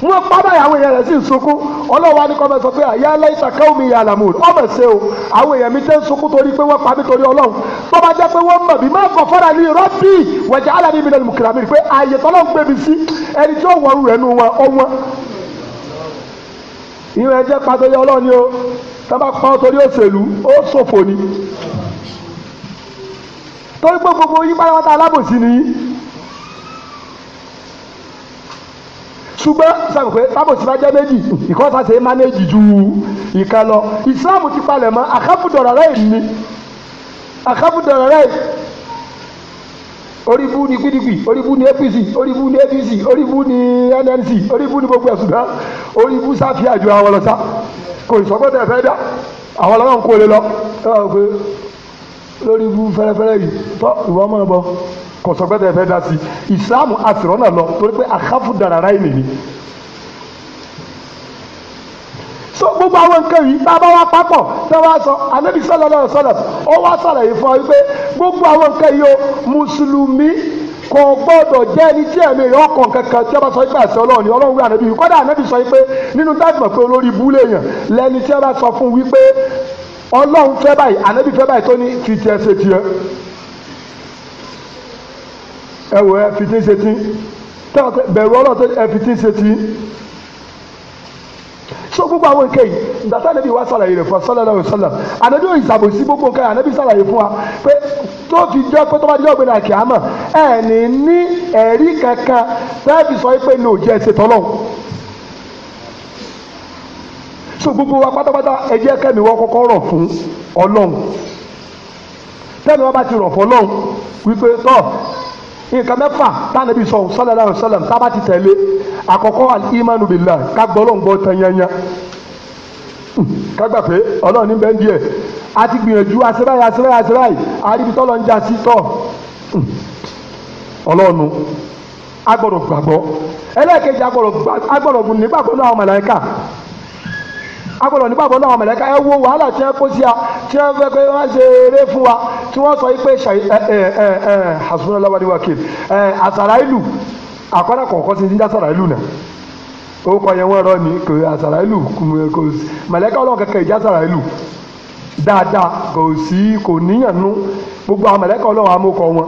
wọ́n padà àwọn èèyàn rẹ̀ sì ń sunkún ọlọ́wọ́ adìkọ́mẹ sọ pé àyà aláìsà káwọ́mi ìyá àlàmù ọmọ ṣe o àwọn èèyàn mi tẹ́ ń sunkún torí pé wọ́n pa mí torí ọlọ́run tó bá jẹ́ pé wọ́n mọ̀ mí máa kọ̀ fọ́ra ní rọ́bì wẹ̀jẹ̀ alani mi lẹ́nu kìlámì pé ààyè tọ́lọ́ ń gbé mi sí ẹni tí ó wọ̀rù rẹ̀ nu wọn ọwọ́n ìrìn ẹjẹ́ pàtẹ́yẹ ọlọ́ni o tábà pa ọ́ torí òṣèlú ó ṣòfò ni torí pé gbogbo yín pátápátá alábòsí ṣùgbọ́n sọ̀rọ̀ pé tábòsí bá jẹ́ méjì ìkọ́sà ṣe é mánéjì ju ìkan lọ ìsìláàmù ti palẹ̀ mọ́ àkáfùdọ̀rọ̀ rẹ̀ ni àkáfùdọ̀rọ̀ rẹ̀ oríbú ni pdp oríbú ni apc oríbú ni apc oríbú ni nnc oríbú ni gbogbo ẹ̀sùn náà oríbú sáfì àjọ àwọn lọ́sà kò ìsọgbọ́tẹ̀ fẹ́ dá àwọn ọlọ́wọ́n kò lè lọ lórí ibú fẹ́rẹ́fẹ́rẹ́ yìí tọ́ ìwọ́n mọ̀ bọ́ kò sọ pé tẹ̀fẹ́ dá sí ìsìlámù àsìrọ́ náà lọ torí pé àkáfù dàrá ráì nìyí. so gbogbo àwọn nǹkan yìí tá a bá wá papọ̀ tá a bá sọ anabi sallallahu alaihi wasallam ó wá sàlàyé fún ọ wípé gbogbo àwọn nǹkan yìí o mùsùlùmí kò gbọ́dọ̀ jẹ́ ẹni tí ẹ̀mí rẹ̀ ọkàn kankan tí a bá sọ pé àṣẹ ọlọ́run ni ọlọ́run wí ànábì yìí kọ́dà ànábì sọ pé nínú táìpọ̀ pé olórí búlẹ̀ èèyàn lẹ́ni tí a bá sọ fún wípé ọlọ́run fẹ́ báyìí ànábì fẹ́ báyìí tó ní fi tiẹ̀ ẹ wò ẹ fi tí ń ṣe tí bẹ̀rù ọlọ́tọ́ ẹ fi tí ń ṣe tí. so gbogbo àwọn nǹkan yìí gbàtà níbi wá sàlàyé rẹ̀ fún sallallahu alaihi wasallam ànábì ò ìsàbòsí gbogbo nǹkan ànábì sàlàyé fún wa pé tó fi jẹ́ pé tó bá jẹ́ ògbéni àkìámọ̀ ẹ ní ní ẹ̀rí kankan tẹ́ẹ̀fì sọ pé ní òjẹ́ ṣe tọ́lọ́ so gbogbo wa pátápátá ẹ jẹ́ kẹ́mi wọ́n kọ́kọ́ rọ̀ fún Ọlọ́run tẹ́mi wọ́n bá ti rọ̀ fún Ọlọ́run wípé tọ́ nǹkan mẹ́fà tánàbí sọ sallallahu alaihi wasallam sábà ti tẹ̀lé àkọ́kọ́ al-imanu billah kágbọ́ ọlọ́ngbọ́ tẹ̀yẹ̀yẹ̀ kágbà pé ọlọ́run ní bẹ́ẹ̀ díẹ̀ a ti gbìyànjú asẹ́báyé asẹ́báyé asẹ́báyé àríbi tọ́lọ́ ń já sí tọ́ ọlọ́run a gbọ́dọ̀ gbàgbọ́ ẹlẹ́ẹ̀kejì a gbàgbọ́ nígbàgbọ́ náà àwọn màláíkà agbọ́dọ̀ nígbàgbọ́ náà mẹ̀lẹ́ka ẹ wo wàhálà tí wọ́n kó sí a tí wọ́n fẹ́ pé wọ́n ṣe eré fún wa tí wọ́n sọ pé hasunalawadiwakil àsàrà ìlú àkọ́dà kọ̀ọ̀kan ti ń dá sàrà ìlú náà ó kọ yẹn wọ́n rọ ní kò àsàrà ìlú kò mẹ̀lẹ́ka ọlọ́run kẹ̀kẹ́ ìjà sàrà ìlú dáadáa kò sí kò níyànnú gbogbo àwọn mẹ̀lẹ́ka amókọ wọn.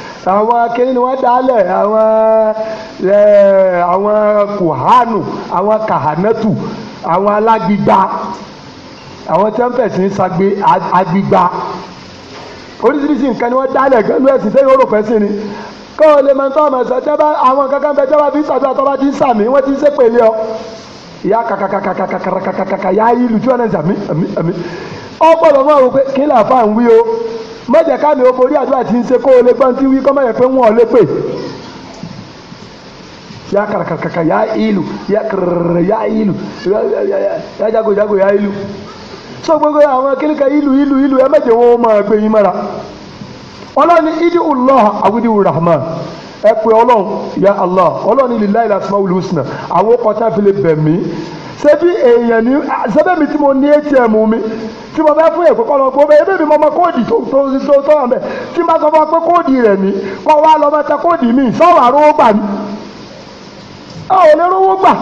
àwọn kínní ni wọ́n dálẹ̀ àwọn eh, àwọn kùhánù àwọn kàhánẹ́tù àwọn alágbígba àwọn tí wọ́n fẹ̀sìn sagbe agbígba oríṣiríṣi nǹkan ni wọ́n dálẹ̀ pẹ̀lú ẹ̀sìn sẹ́yìn òrò fẹ́sìn ni kó o lè máa tọ́ ọmọ ẹ̀sọ́ jẹ́ bá àwọn kankan bẹ jẹ́ bá fi ń sàdúrà tó bá ti ń sàmì wọ́n ti ń sépèlé ọ ìyá kàkàkàkàkàkàkàkà yá ìlú tí wọ́n náà sàmì ẹ̀mí ẹ̀mí ọ gbọ́dọ̀ mọ̀ wò pé kí làá fà ń wí o. mọ̀jẹ̀ kámi ó forí àdúrà tí ń ṣe kó o lè gbọ́n tí wí kọ́ mọ̀jẹ̀ pé wọ́n ò lè pè ya kàràkàkà ya ìlú ya kàràrà ya ìlú ya jago jago ya ìlú sọ gbogbo àwọn kíníkà ìlú ìlú ìlú ẹ ya Allah ọlọ́ni lillahi al-asmaul ṣebí èèyàn ní ṣebí mi tí mo ní atm mi tí mo fẹ́ fún èkó kọ́ lọ gbọ́ bẹ́ẹ̀ ebi mi mọ kóòdì tó tó tó tó hàn bẹ́ẹ̀ tí mo sọ fún ọ pé kóòdì rẹ̀ ní kọ́ wa lọ mẹ́ta kóòdì mi sọ̀rọ̀ àrówó gbà ní. a ò lè rówó gbà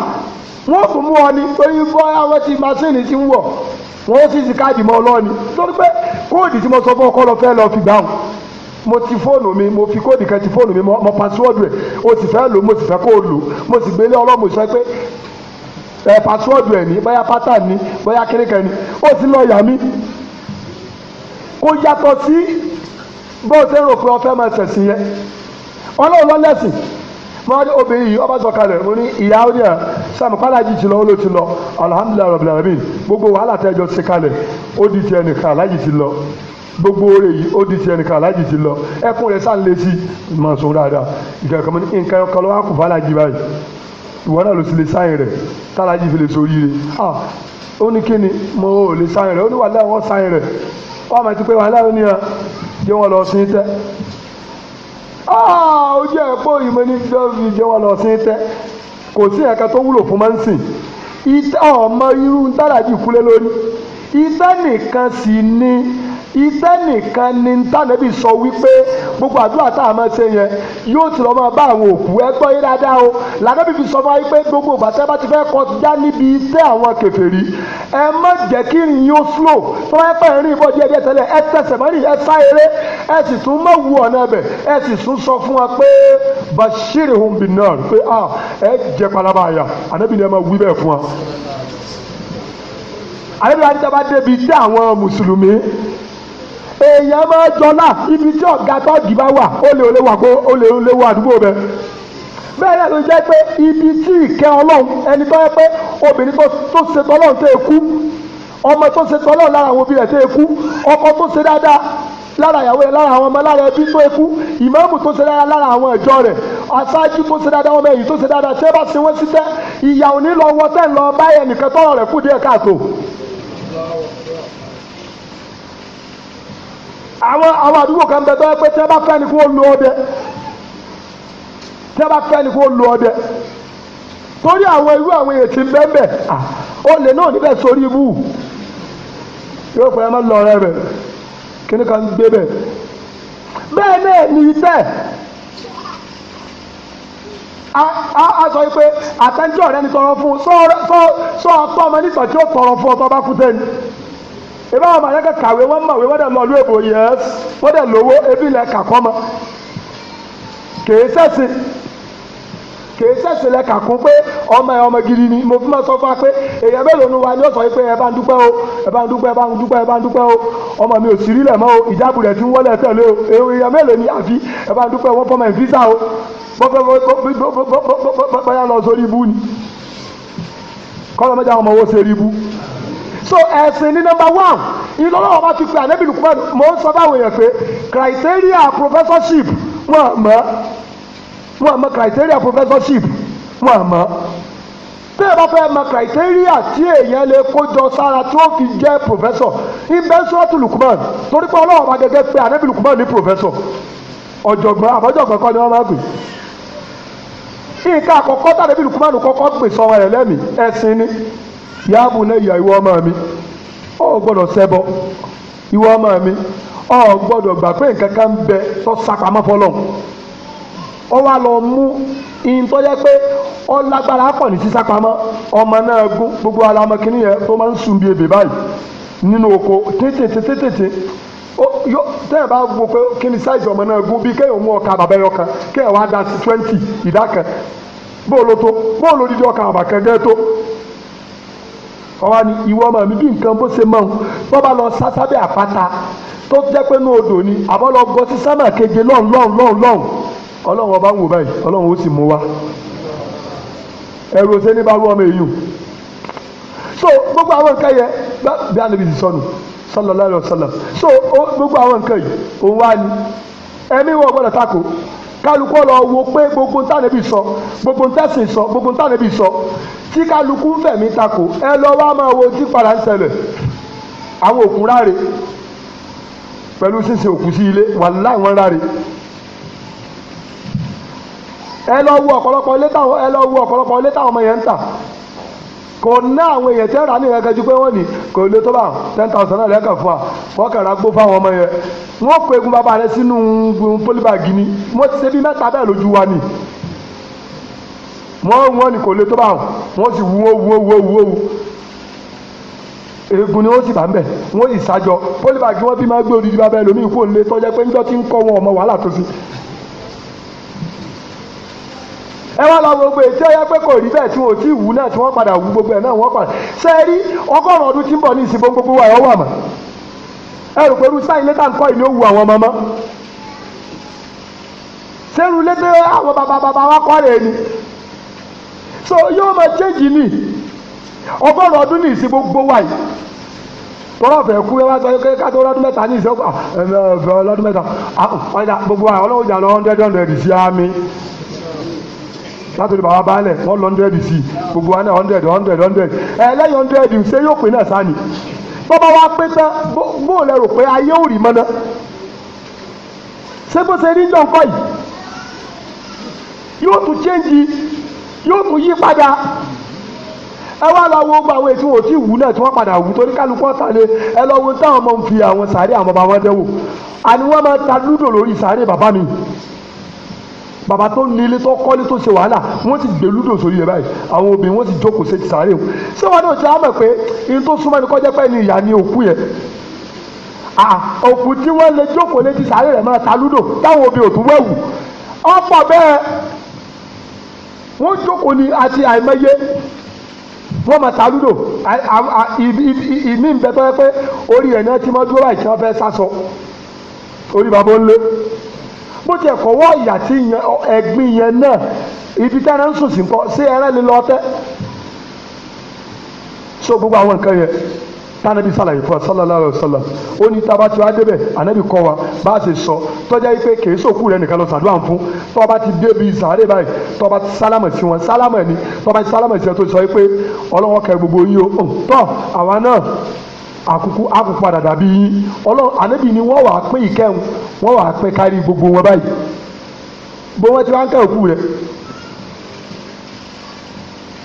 wọ́n kò mú ọ ní torí bọ́ àwọn ti masínì ti ń wọ̀ wọ́n sì ti káàdì mọ́ ọlọ́ọ̀ni torí pé kóòdì tí mo sọ fún ọ kọ́ lọ fẹ́ lọ fi gbà hàn mo ti fóònù mi mo fi kóòdì kan ti fóònù mi mo pàṣíwọ́dù ẹ̀ o sì fẹ́ lò mo sì fẹ́ kó o lò mo sì gbélé ọlọ́mọ pé ẹ fàṣọọdù ẹ ní bóyá pátá ní bóyá kérékẹ ní ó ti lọ yà mí kó yàtọ̀ sí bó o ṣe rò pé ọfẹ máa ṣẹ̀sìn yẹn ọlọ́run lọ́lẹ́sìn mo rí obìnrin yìí ọba sọ̀kalẹ̀ mo ní ìyá ó ní à sàmì pàdájì ti lọ ó ló ti lọ alhamdulilayi rabbil alamin gbogbo wàhálà tẹ́jọ ti kalẹ̀ ó di tiẹ̀ nìkan alájì ti lọ gbogbo oore yìí ó di tiẹ̀ nìkan alájì ti lọ ẹkún rẹ̀ sàn lé sí mọ̀ sóun dáadáa ìkẹ́kọ̀ọ́ nǹkan kan ló wá kù fàlàjì báyìí ìwọ náà ló sì lè sáyìn rẹ̀ tálájì fi lè soríire ah ó ní kí ni mo ò lè sáyìn rẹ̀ ó ní wàhálà wọn sáyìn rẹ̀ wọn àmọ́ ti pé wàhálà ó ní hàn wọn lọ sin tẹ́ ah ó jẹ́ ẹ̀pọ̀ ìmọ̀ ní jẹ́ wọn lọ sin tẹ́ kò sí ẹ̀ka tó wúlò fún máa ń sìn ìtàn ọmọ irú tálájì fúlé lórí ìtàn nìkan sì ni iṣẹ́ nìkan ni tànàbí sọ wípé gbogbo àdúrà tá a máa ṣe yẹn yóò ti lọ́ máa bá àwọn òkú ẹ gbọ́ yín dáadáa o lànàbí fi sọ fún wa wípé gbogbo ìgbàsẹ́ bá ti fẹ́ kọjá níbi iṣẹ́ àwọn kèfèrí ẹ má jẹ́ kí rìn yín slow tó wáyé pẹ́ rìn bọ́ díẹ̀ díẹ̀ tẹ́lẹ̀ ẹ tẹsẹ̀ mọ́rìn ẹ sá eré ẹ sì tún mọ̀ wù ọ̀nà ẹbẹ̀ ẹ sì tún sọ fún wa pé bashir humbi náà pé ẹ jẹ palaba àyà èèyàn máa jọlá ibi tí ọ̀gá tọ́ọ̀gì bá wà ó lè olè wà kó ó lè olè wà àdúgbò bẹ́ẹ̀ bẹ́ẹ̀ náà ló jẹ́ pé ibi tí ìkẹ́ ọlọ́run ẹni tó yẹ pé obìnrin tó ṣe tọ́lọ́run tó ekú ọmọ tó ṣe tọ́lọ́run lára àwọn òbí rẹ̀ tó ekú ọkọ tó ṣe dáadáa lára ìyàwó rẹ̀ lára àwọn ọmọ lára ẹbí tó ekú ìmáàmù tó ṣe dáadáa lára àwọn ìjọ rẹ̀ aṣáájú tó ṣe dáadáa ọmọ ẹ̀yìn tó ṣe dáadáa ṣé bá ṣe wọ́n ṣiṣẹ́ ìyà òní lọ wọ́n tẹ̀ báyẹn nìkan tọ́rọ̀ rẹ̀ fúdi ẹ̀ káàtó àwọn àwọn àdúgbò kan bẹ tọ́wọ́ pé tí bá fẹ́ ni kó lu ọdẹ tí bá fẹ́ ni lu ọdẹ torí àwọn irú àwọn èsì bẹ́ẹ̀ olè náà níbẹ̀ sórí ibú yóò fẹ́ máa lọ ọ̀rẹ́ rẹ̀ kíní kan gbé bẹ́ẹ̀ náà ní iṣẹ́ a sọ pé rẹ ni tọrọ sọ ọtọ́ ọmọ tí ó tọrọ fún ọtọ́ ìbá àwọn àyàkà kàwé wọn mọ̀wé wọ́n dẹ̀ lọ lú èbò yẹ́s wọ́n dẹ̀ lówó ebi lẹ̀ kàkọ́ mọ́ kèé sẹ́sì kèé sẹ́sì lẹ̀ kàkún pé ọmọ ẹ ọmọ gidi ni mo fi máa sọ fún wa pé èèyàn bẹ́ẹ̀ lónú wa ni ó sọ pé ẹ bá ń dúpẹ́ o ẹ bá ń dúpẹ́ ẹ bá ń dúpẹ́ ẹ bá ń dúpẹ́ o ọmọ mi ò sì rí lẹ̀ mọ́ o ìjábù rẹ̀ ti ń wọlé tẹ̀lé o èèyàn mélòó ni àfi ẹ bá ń dúpẹ́ wọ́n fọmọ ẹ̀ físà o bọ́yá lọ sórí ibú ni kọ́lọ́mọdé àwọn ọmọ wo ṣe rí ibú so ẹ̀sìn ní number one ìlọ́lọ́wọ́ bá ti fi ànábì lùkùmọ́ mò ń sọ báwọn èèyàn pé criteria professorship wọ́n mọ̀ wọ́n mọ̀ criteria professorship wọ́n mọ̀ tí ẹ bá fẹ́ mọ̀ criteria tí èèyàn lè kójọ sára tí ó fi jẹ́ professor ibẹ̀ sọ́ọ̀tù lùkùmọ́ torí pé ọlọ́wọ́ bá gẹ́gẹ́ pé ànábì lùkùmọ́ ní professor ọ̀jọ̀gbọ́n àbọ̀jọ̀gbọ́n kọ́ ni wọ́n máa gbé nǹkan àkọ́kọ́ tàbí lùkùmọ́ àlùkọ́kọ́ gbèsè ọmọ rẹ̀ lẹ́mìí ẹ̀sìn ni ya na ya iwe ọmọ mi ọ gbọdọ ṣẹbọ ìwọ ọmọ mi ọ gbọdọ gbà pé nǹkan kan ń fọlọm ọ lọ mú ihun pé ọ akọ ní sísàpamọ́ ọmọ náà gbogbo ara yẹn tó máa ń sùn bí ebè báyìí nínú oko tètè tètè bá pé kí ni sáìsì ọmọ náà gún bí kéèyàn mú ọkà bàbá ẹyọ kan kéèyàn wá dá sí twenty ìdá kan bóòlù tó bóòlù ọwọ́ ni ìwọ ọmọ mi bí nǹkan bó ṣe mọ̀ wọ́n bá lọ sá sábẹ́ àpáta tó jẹ́ pé ní odò ni àbọ̀ lọ gọ sí sámà keje lọ́hùn lọ́hùn lọ́hùn lọ́hùn ọlọ́run ọba ń wò báyìí ọlọ́run ó sì mú wa ẹrù ọ̀sẹ̀ ní bá rú ọmọ èyí so gbogbo àwọn nǹkan yẹ bí alẹ́ bí ti sọnù sallallahu alaihi wasallam so gbogbo àwọn nǹkan yìí òun wá ni ẹ̀mí wọ̀ gbọ́dọ̀ tako kálukú lọ wo pé gbogbo ntánẹ́bì sọ gbogbo ntẹ́sìn sọ gbogbo ntánẹ́bì sọ tí kálukú ń fẹ̀mí takò ẹ lọ wá máa wo tí padà ń ṣẹlẹ̀ àwọn òkú ráre pẹ̀lú sísìn òkú sí ilé wàláhì wọ́n ráre ẹ lọ wo ọ̀pọ̀lọpọ̀ ilé táwọn ẹ lọ wo ọ̀pọ̀lọpọ̀ ilé táwọn ọmọ yẹn ń tà kò ná àwọn èèyàn tẹ́ ra ní ìrẹ́kẹ́ ju pé wọ́n ní kò lè tó bá ten thousand náà lẹ́kàn fún wa wọ́n kàn ra gbó fáwọn ọmọ yẹn wọ́n kó egun bàbá rẹ sínú gun pólíbàgì ni mo ti ṣe bí mẹ́ta bẹ́ẹ̀ lójú wa ni wọ́n wọ́n ní kò lè tó bá wọ́n sì wúwo wúwo wúwo wúwo egun ni wọ́n sì bá ń bẹ̀ wọ́n sì sájọ pólíbàgì wọ́n bí máa gbé odidi bàbá ẹlòmíì kó lè tọ́jà pé níjọ́ tí ń kọ́ wọn ọmọ wàhálà tó sí ẹ wá lọ gbogbo èyí tí ó yẹ pé kò rí bẹ́ẹ̀ tí wọn ò tí ì wú náà tí wọ́n padà wú gbogbo ẹ̀ náà wọ́n padà ṣe rí ọgọ́rùn ọdún tí ń bọ̀ ní ìsìnkú gbogbo wa ẹ̀ wà mọ́ ẹ rò pé irú sáyìn létà ń kọ́ ìlú ó wu àwọn ọmọ mọ́ sẹ́rù létà àwọn bàbá bàbá wa kọ́ rẹ̀ ni so yóò máa change ni ọgọ́rùn-ún ọdún ní ìsìnkú gbogbo wa yìí tọ́lọ́ fẹ́ kú ẹ wá sọ pé kátó ọlọ́dún mẹ́ta ní ìṣẹ́ ọ̀fẹ́ ọlọ́dún mẹ́ta gbogbo àwọn ọlọ́run jà lọ hundred hundred sí àmì látòdì bàbá baálẹ̀ one hundred sí gbogbo wa náà hundred hundred hundred ẹ lẹ́yìn hundred ṣé yóò pé náà sáà ni bọ́bá wa pé tán bó lẹ rò pé ayé ò rí mọ́ náà ṣé bó ṣe rí jọ̀ nǹkan yìí yóò tún change yóò tún yí padà ẹ wá lọ wo gbogbo àwọn ètò òtí ìwú náà tí wọ́n padà wù torí kálukú ọ̀sàlẹ̀ ẹ lọ wo táwọn ọmọ ń fi àwọn sàárè àwọn bàbá wọn dẹ́wò àní wọ́n máa ta lúdò lórí sàárè bàbá mi bàbá tó nílé tó kọ́lé tó ṣe wàhálà wọ́n ti gbèlúdò sórí rẹ̀ báyìí àwọn obìnrin wọ́n ti jókòó ṣe sàárè o ṣé wàá náà ṣe á mọ̀ pé ihun tó súnmọ́ ni kọ́ jẹ́ pé ni ìyá ni òkú yẹn òkú tí wọ́n lè jókòó létí sàárè rẹ̀ máa ta lúdò táwọn obìnrin ò tún wẹ̀wù ọ̀pọ̀ bẹ́ẹ̀ wọ́n jókòó ni àti àìmọye wọ́n máa ta lúdò ìmí ń bẹ tọ́jú pé orí ẹ̀ náà ti máa dúró báyìí tí wọ́n fẹ́ sásọ orí bàbá ń lé bó tiẹ̀ kọ̀wọ́ ìyà tí ẹ̀gbin yẹn náà ibi tí ara ń sùn sí nǹkan sí ẹrẹ́ lè lọ tẹ́ so gbogbo àwọn nǹkan yẹn tánàbí sàlàyé fún wa sallallahu alaihi wasallam ó ní tá a bá ti wá débẹ̀ ànábì kọ́ wa bá a ṣe sọ tọ́já yìí pé kì í sòkú rẹ nìkan lọ sàdúrà ń fún tọ́ bá ti débi sàárè báyìí tọ́ bá ti sálámà sí wọn sálámà ni tọ́ bá ti sálámà sí ẹ tó sọ yìí pé ọlọ́wọ́ kẹ gbogbo yìí o tọ́ àwa náà àkùkù àkùpadà dàbí ọlọ́run ànábì ni wọ́n wà á pín ìkẹ́hùn wọ́n wà á pín kárí gbogbo wọn báyìí bó wọ́n ti wá ń kẹ́ òkú rẹ̀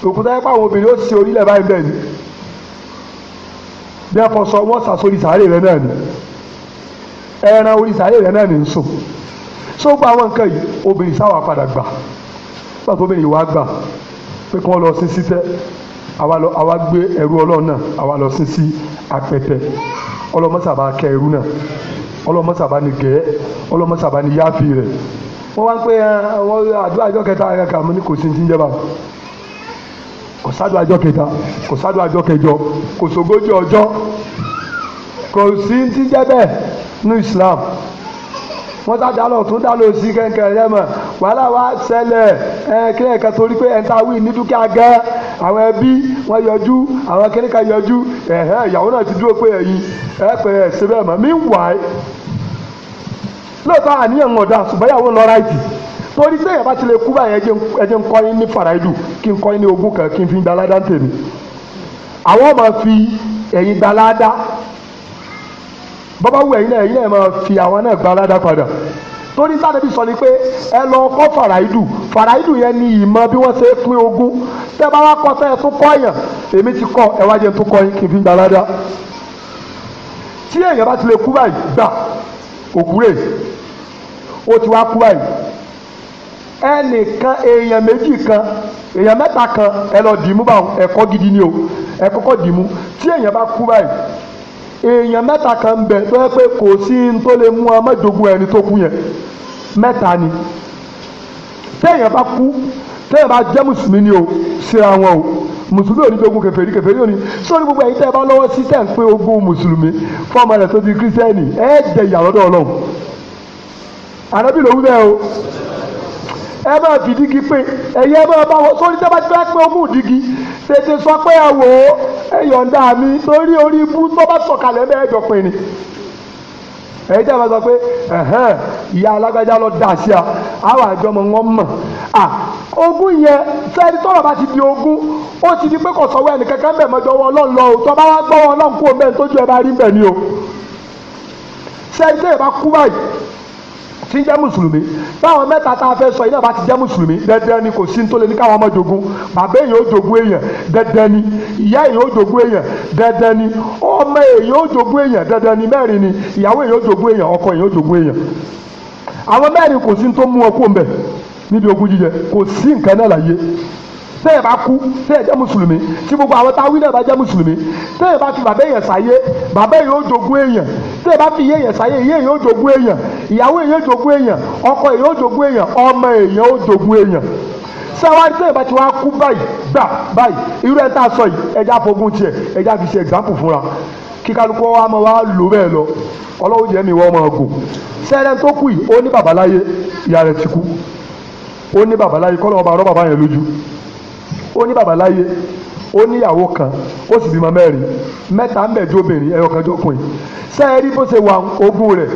òkúta yẹn pàwọn obìnrin ó ṣe orílẹ̀ báyìí bẹ́ẹ̀ ni bí ẹ sàárè náà ni ẹran orí sàárè so gba àwọn nǹkan yìí obìnrin sáwà padà gbà gbà tó obìnrin wá gbà pé kí lọ sí sí àwa gbé ẹrú apẹtẹ ọlọmọsàbà kẹ ọlọmọsaba náà ọlọmọsàbà ni gẹ ọlọmọsàbà ni yáàfi rẹ wọn wá pé wọn àdúrà àjọ kẹta yẹn kà ní kò sí jẹba kò sádùn àjọ kẹta kò sádùn àjọ kẹjọ kò sógójì ọjọ kò sí ní ní Islam sá àwọn ẹbí wọn yọjú àwọn kíníkà yọjú ẹ̀hẹ́ ìyàwó náà ti dúró pé ẹ̀yin ẹ̀ pé ẹ̀ ṣe bẹ́ẹ̀ mọ́ meanwhile lóòótọ́ àníyàn ń ọ̀dà ṣùgbọ́n ń lọ ráìtì torí pé ìyàbá ti lè kú báyìí ń kọ́ yín ní faraidu kí n kọ́ yín ní ogún kan kí n fi gbalada tèmi àwọn fi ẹ̀yin gbalada bọ́bá wù ẹ̀yin náà fi àwọn náà gbalada padà. torí sádẹ́bí sọ ni pé ẹ lọ kọ́ faraidu faraidu yẹn ni ìmọ̀ bí wọ́n ṣe pín ogún tẹ́ bá wá kọ́ sẹ́ ẹ tún kọ́ yàn èmi ti kọ́ ẹ wá jẹ́ tún kọ́ yín kì í fi gbàládá tí èèyàn bá ti lè kú báyìí gbà òkúrè ó ti wá kú báyìí ẹnìkan èèyàn méjì kan èèyàn mẹ́ta kan ẹ lọ dìímú báwọn ẹ̀kọ́ gidi ni o ẹ̀kọ́kọ́ dìímú tí èèyàn bá kú báyìí èèyàn mẹ́ta kan bẹ̀ tó yẹ pé kò sí n tó lè mú ọ mẹ́jogún ẹni tó kú yẹn mẹ́ta ni téèyàn bá kú téèyàn bá jẹ́ mùsùlùmí ni o síra wọn o mùsùlùmí ò ní jogún kèfèrí kèfèrí ò ní sórí gbogbo ẹ̀yin tẹ́ ẹ bá lọ́wọ́ sí tẹ̀ ń pé ogún mùsùlùmí fọ́ọ̀mù rẹ̀ tó di kírísítẹ́nì ẹ̀ jẹ ìyà lọ́dọ̀ Ọlọ́run ànábì ló wí bẹ́ẹ̀ o ẹ máa fi dígí pé ẹ̀yin ẹ máa bá wọn sórí tẹ́ bá ti fẹ́ pé ó mú dígí tètè sọ pé ẹ wò ó ẹ yọ̀ǹda mi torí orí ibú tó bá sọ̀kalẹ̀ bẹ́ẹ̀ jọ pin ni ẹ̀yin tẹ́ bá sọ pé ẹ̀hẹ́n ìyá alágbájá lọ dà sí a àwọn àjọ ọmọ wọn mọ̀ à ogún yẹn sẹ́ni tọ́rọ̀ bá ti di ogún ó ti di pé kò sọ́wọ́ ẹnì kankan bẹ̀ mọ́jọ́ wọn ọlọ́run lọ òótọ́ bá wá gbọ́ wọn ọlọ́run kú omi ẹ̀ tójú ẹ bá rí bẹ̀ ni o sẹ́ni tẹ́ ẹ bá kú báyìí tí ń jẹ́ mùsùlùmí báwọn mẹ́ta tá a fẹ́ sọ iná bá ti jẹ́ mùsùlùmí dandan ni kò sí ní tó lè ní káwọn ọmọ jogún bàbá èyàn ó jogún èyàn dandan ni ìyá èyàn ó jogún èyàn dandan ni ọmọ èyàn ó jogún èyàn dandan ni mẹ́rin ni ìyàwó èyàn ó jogún èyàn ọkọ èyàn ó jogún èyàn àwọn mẹ́rin kò sí ní tó mú ọ kó mbẹ̀ níbi ogún jíjẹ kò sí nǹkan náà láyé tẹ́yẹ̀ bá kú tẹ́yẹ̀ jẹ́ mùsùlùmí tí gbogbo àwọn táwí náà bá jẹ́ mùsùlùmí tẹ́yẹ̀ bá fi bàbá èèyàn sáyé bàbá èèyàn ó jogún èèyàn tí ẹ bá fi iye yẹn sáyé iye yẹn ó jogún èèyàn ìyàwó èèyàn ó jogún èèyàn ọkọ èèyàn ó jogún èèyàn ọmọ èèyàn ó jogún èèyàn sáwárí tí ẹ bá ti wá kú báyìí gbà báyìí irú ẹ tá a sọ yìí ẹja fogún tiẹ̀ ẹja fi ṣe example fúnra kí kálukú wa máa wá lò bẹ́ẹ̀ lọ ọlọ́run jẹ́ mi wọ́n máa gò sẹ́rẹ́ tó kù yìí ó ní babaláyé ìyá rẹ̀ ti kú ó ní babaláyé kọ́ lọ́wọ́ rọ́ bàbá yẹn lójú ó ní babaláyé ó níyàwó kan ó sì bímọ mẹ́rin mẹ́ta ń bẹ jẹ́ obìnrin ẹyọ kan jọkùnrin sẹ́yìn rí bó ṣe wà rẹ̀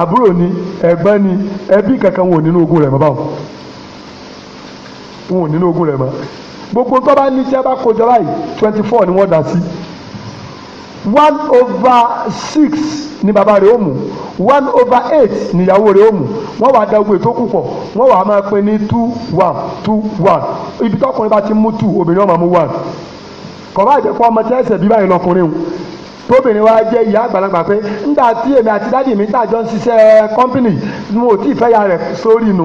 àbúrò ni ẹ̀gbọ́n ni ẹbí kankan nínú rẹ̀ mọ́ nínú rẹ̀ mọ́ gbogbo tó bá ní a bá kojọ twenty four ni wọ́n dá sí one over six ni bàbá rẹ̀ ó mú one over eight rẹ̀ ó mú wọ́n wàá ogun ètò kù pọ̀ wọ́n wàá máa ní two one two one ibi tọkùnrin bá ti mú two obìnrin ó one. kọ̀ọ̀bá àjẹpọ̀ ọmọ tí ẹsẹ̀ bíbá yìí lọkùnrin o tóbìnrin wa jẹ́ ìyá àgbàlagbà pé nígbà tí èmi àti dáàdì mi tàjọ ń ṣiṣẹ́ kọ́mpìnì mo ò tí ì sórí nu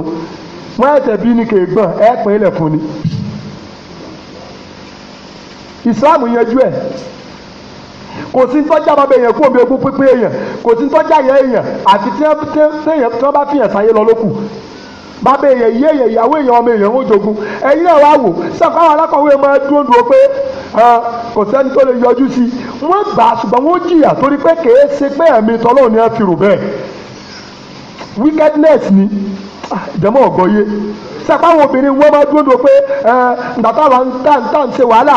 wọ́n ẹsẹ̀ bí ni kèégbọ̀n ẹ pín ilẹ̀ fún ni. ìsìláàmù yanjú ẹ̀ kò sí tọ́jà bàbá èèyàn kó omi pípé èèyàn kò sí tọ́jà yẹn èèyàn àti tí wọ́n bá fìyàn sáyé lọ lókù bàbá èèyàn ìyá èèyàn ìyàwó èèyàn ọmọ èèyàn ń jogun ẹ̀yin náà wá wò sọ̀kọ́ àwọn máa dúró dúró pé kò sẹ́ni tó lè yọjú sí i wọ́n gbà ṣùgbọ́n wọ́n jìyà torí pé kèé ṣe pé ẹ̀mí tọ́lọ́run ni ẹ fi rò bẹ́ẹ̀ wickedness ni ìjọba ọ̀gọ́yé sẹ́pà àwọn obìnrin wọ́n máa dúró dúró pé ẹ ǹdàtà wa ń tà ń tà ń ṣe wàhálà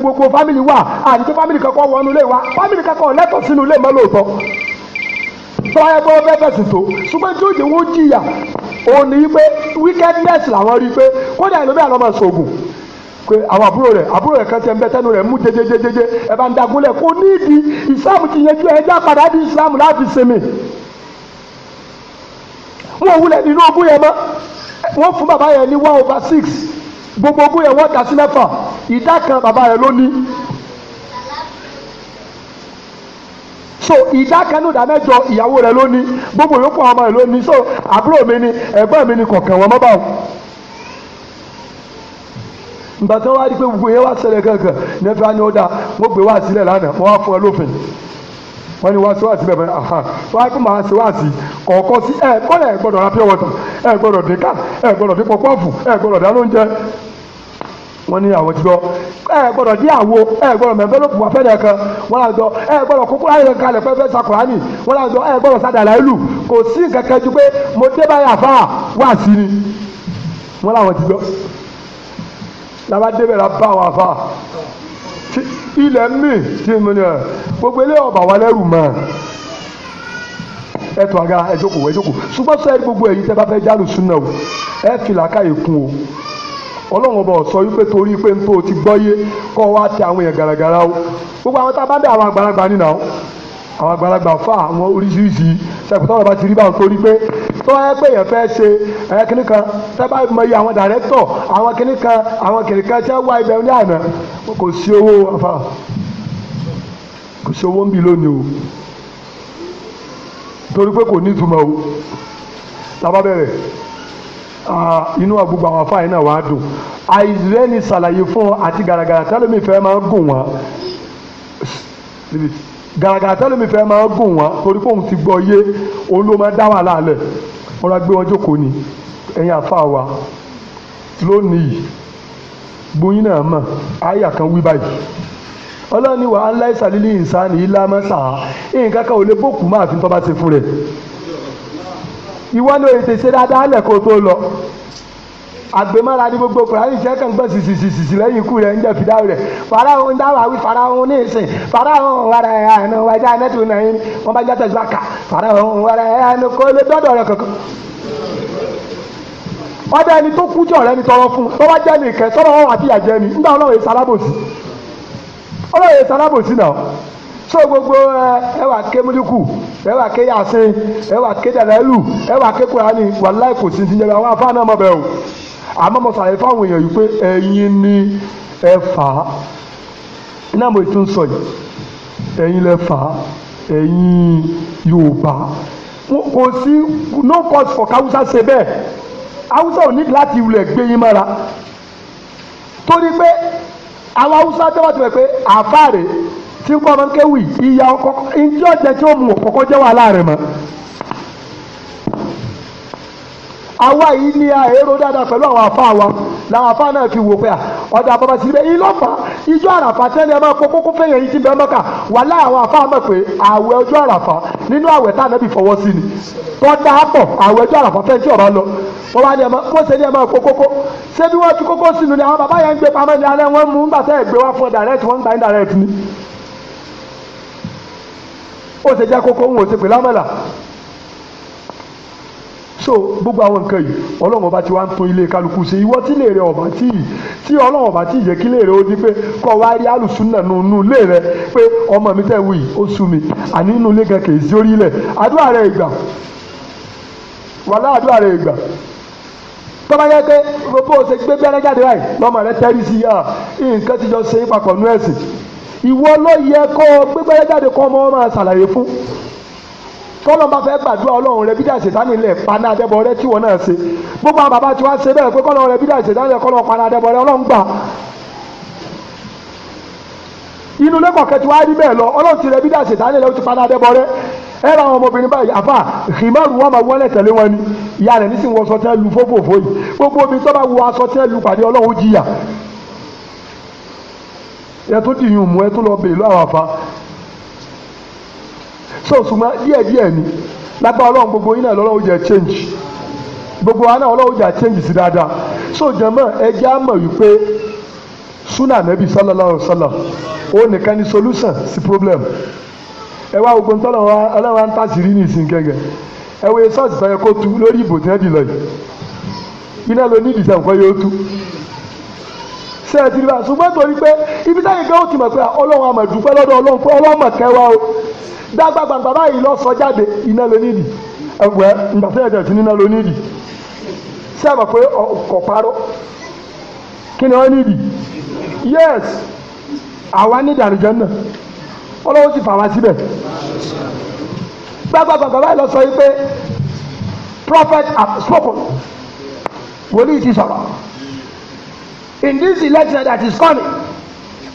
gbogbo fámìlì wa àti pé fámìlì kankan wọnú ilé wa fámìlì kankan lẹ́tọ̀ọ́ sínú ilé mọ́ lóòótọ́ báyọ̀ bọ́ bẹ́ẹ̀ fẹ̀sùn tó ṣùgbọ́n tí ó jẹ́ wọ́n jìyà òun ní pé wickedness làwọn rí i pé kódà ìlú bẹ́ẹ̀ lọ́mọ sọ̀gùn pé àwọn àbúrò rẹ̀ àbúrò rẹ̀ kan tẹ ń rẹ̀ mú jẹjẹjẹjẹjẹ bá ń dagunlẹ̀ kó ti di láti sinmi wọn wulẹ̀ gbogbo ogún yẹn wọ́n sí mẹ́fà ìdá kan bàbá yẹn ló ní so ìdá kan ní ìdá mẹ́jọ ìyàwó rẹ̀ ló ní gbogbo yòókù àwọn ọmọ rẹ̀ ló ní so àbúrò mi ni ẹ̀gbọ́n mi ni kọ̀ọ̀kan wọn mọ́ bá wọn. ìgbà tí wọ́n wá rí pé gbogbo yẹn wá ṣẹlẹ̀ kankan nẹ́fẹ̀ẹ́ á ní ó dáa wọ́n gbé wá sílẹ̀ lánàá wọ́n wá fún ẹ lófin wọ́n ní wá sí wáàsí bẹ́ẹ̀ bẹ́ẹ̀ aha wọ́n á kó máa ṣe wáàsí kọ̀ọ̀kan sí ẹ kọ́lẹ̀ ẹ gbọ́dọ̀ ra pure water ẹ gbọ́dọ̀ dín ká ẹ gbọ́dọ̀ dín pọpọ́ọ̀fù ẹ gbọ́dọ̀ dá lóúnjẹ wọ́n ní àwọn jọ ẹ gbọ́dọ̀ dí àwo ẹ gbọ́dọ̀ mẹ́fẹ́lópù wà fẹ́rẹ̀ kan wọ́n là jọ ẹ gbọ́dọ̀ kókó láyé kan kalẹ̀ sakurani wọ́n là jọ ẹ gbọ́dọ̀ sadàlá ìlú kò sí kẹ̀kẹ́ ju pé mo dé báyà fà wá sí ni wọ́n làwọn ti jọ làwọn débẹ̀ la bá wọn fà ilẹ̀ mi ti mu ni ẹ gbogbo ilé ọ̀bà wa lẹ́rù mọ́ ẹ tó agara ẹ jókòó ẹ jókòó ṣùgbọ́n sọ ẹ gbogbo èyí tẹ bá fẹ́ jálù súnà o ẹ fìlà káyè kún o ọlọ́run ọba ọ̀sọ́ wípé torí pé n tó ti gbọ́yé kọ́ wá ti àwọn èèyàn gàràgàrà o gbogbo àwọn tá a bá dé àwọn àgbàlagbà nínà o àwọn àgbàlagbà fà àwọn oríṣiríṣi ṣàkóso ọ̀rọ̀ bá ti rí báwọn torí pé tó ẹ pé èèyàn fẹ́ ṣe ẹ kíní kan tẹ́ bá mọ iye àwọn dàrẹ́tọ̀ àwọn kíní kan àwọn kíní kan tẹ́ wá ibẹ̀ ní àná kò sí owó àfà kò sí owó ń bì lónìí o torí pé kò ní ìtumọ̀ o làbá bẹ̀rẹ̀. Ah, inú àgbùgbà àwọn afáàyè náà wàá dùn àìrẹ́ni ṣàlàyé fún ọ àti gàràgàrà tẹ́lẹ̀mí fẹ́ máa ń gùn wọ́n gàràgàrà tẹ́lẹ̀mí fẹ́ máa ń gùn wọ́n torí pé òun ti gbọ́ yé òun ló máa dá wà láàlẹ̀ wọ́n ra gbé wọn jókòó ni ẹ̀yin àfáà wa lónìí gbóyin náà mọ̀ àyà kan wí báyìí ọlọ́ni wàhálà ìsàlílì ìsàn ní ilá mọ́sà nǹkan kan ò lè bókùn máa fi tọ́ bá ti fún rẹ̀ ìwọ ni òye ṣe ṣe dáadáa lẹ́kọ̀ọ́ tó lọ àgbémọ́ra ní gbogbo kùránì jẹ́ kàn gbọ́ sìsìsìsì lẹ́yìn ikú rẹ̀ ń jẹ́ fìdáwò rẹ̀ farahàn ń dáwà wí farahàn ní ìsìn farahàn wàrà ẹ̀ àná wájà nẹ́tù náà yín wọ́n bá jẹ́ tẹ̀síwá kà farahàn wàrà ẹ̀ àná kó lè dọ́dọ̀ rẹ̀ kankan. ọdẹ ẹni tó kú jọ rẹ ni tọrọ fún tó bá jẹ́ nìkẹ́ sọ́dọ̀ wọn àti ìyàjẹ́ ni nígbà ọlọ́run èsì alábòsí ọlọ́run èsì alábòsí náà so gbogbo eh, ẹ ẹ wà ké múlíkù ẹ wà ké yasin ẹ wà ké dàlẹ́lù ẹ wà ké kurani wàláì kò sí ti jẹrẹ àwọn afáàná ọmọ bẹ́ẹ̀ o àmọ́ mo sàlàyé fáwọn èèyàn yìí pé ẹ̀yin ni ẹ fà á iná mo tún sọ yìí ẹ̀yin lẹ fà á ẹ̀yin Yorùbá kò sí no cause for káwúsá ṣe bẹ́ẹ̀ Haúsá ò ní láti wulẹ̀ gbé yín mọ́ra torí pé àwọn Haúsá tó bá ti mọ̀ pé àfáà rèé. sínkú ọmọ kéwì ìyá ọkọ ìjọ jẹ tí ó mu ọkọkọ jẹ wà láàrin mọ. àwa yìí ni èrò dáadáa pẹ̀lú àwọn àfa wa làwọn a náà fi wò pé à ọ̀dà si sí ibẹ̀ ìlọ́fà ìjọ àràfà tẹ́lẹ̀ ẹ máa kókó fẹ́yẹ̀ yìí ti bẹ́ẹ̀ wà láwọn mọ̀ pé àwẹ̀ ọjọ́ ni tọ́jà àwẹ̀ ọjọ́ àràfà fẹ́ tí ọ̀rọ̀ lọ wọ́n wá ní ṣe ní máa kó ṣé bí wọ́n ti kókó sínú ni àwọn bàbá yẹn ń gbé ó ṣe jẹ́ kókó ń wò so gbogbo àwọn nǹkan yìí ọlọ́run ọba ti wá ń tún ilé kálukú ṣe ìwọ tí lè rẹ ọba tí tí ọlọ́run ọba tí yẹ kí lè rẹ ó ọmọ mi tẹ̀ wù yìí ó sú mi àní nínú ilé gan kìí sí orílẹ̀ àdúrà rẹ ìgbà wàlá àdúrà rẹ ìgbà tọ́ba yẹ pé ṣe gbé rẹ i nǹkan ti jọ ṣe é ìwọ ló yẹ kó o gbégbére jáde kó ọmọ máa ṣàlàyé fún tọ́lọ́ bá fẹ́ gbàdúrà ọlọ́run rẹ bídà ṣètánì lẹ̀ paná adẹ́bọ̀ rẹ tíwọ́ náà ṣe gbogbo àwọn bàbá tí wọ́n ṣe bẹ́ẹ̀ pé kọ́lọ́ rẹ bídà ṣètánì lẹ̀ kọ́lọ́ paná adẹ́bọ̀ rẹ ọlọ́run gbà inú lẹ́kọ̀ọ́ kẹtù wá rí bẹ́ẹ̀ lọ ọlọ́run ti rẹ bídà ṣètánì lẹ̀ ó ti paná adẹ́bọ̀ rẹ ẹ ra àwọn ọmọbìnrin báyìí àfà ìmọ̀rù wọn máa wọlé tẹ̀lé wọn ni ìyá rẹ̀ nísìnyí wọ́n sọ tẹ́ lu fófòfó yìí gbogbo omi tó bá wọ aṣọ tẹ́ lu pàdé ọlọ́run jìyà ẹ di dì yín mú lọ so ṣùgbọ́n díẹ̀díẹ̀ ni lágbára ọlọ́run gbogbo yín náà change gbogbo wa náà change sí dáadáa so jẹ́mọ̀ ẹ jẹ́ á mọ̀ wípé sunna nabi sallallahu alayhi wa sallam nìkan ni solution sí problem ẹ wá gbogbo ntọ́nà wa ọlọ́run wa ń tàṣírí ní ìsìn gẹ́gẹ́ ẹ kó tu lórí tí wọ́n ṣe é ti rí bá ṣùgbọ́n torí pé ibi táyìn kan ó ti mọ̀ pé ọlọ́run àmọ̀ dúpẹ́ lọ́dọ̀ ọlọ́run pé ọlọ́run mọ̀ kẹwa o dágbà gbàgbà báyìí lọ sọ jáde iná ló nídìí ẹgbẹ́ ìgbà tó yẹ ti níná ló nídìí ṣé àmọ̀ pé ọkọ̀ parọ́ kí ni wọ́n nídìí yes àwa nídìí àlùjọ náà ọlọ́run ti fà wá síbẹ̀ gbàgbà gbàgbà báyìí lọ sọ yìí pé prophet has ah, spoken wòlíì ti sọ̀rọ̀ in this election that is coming,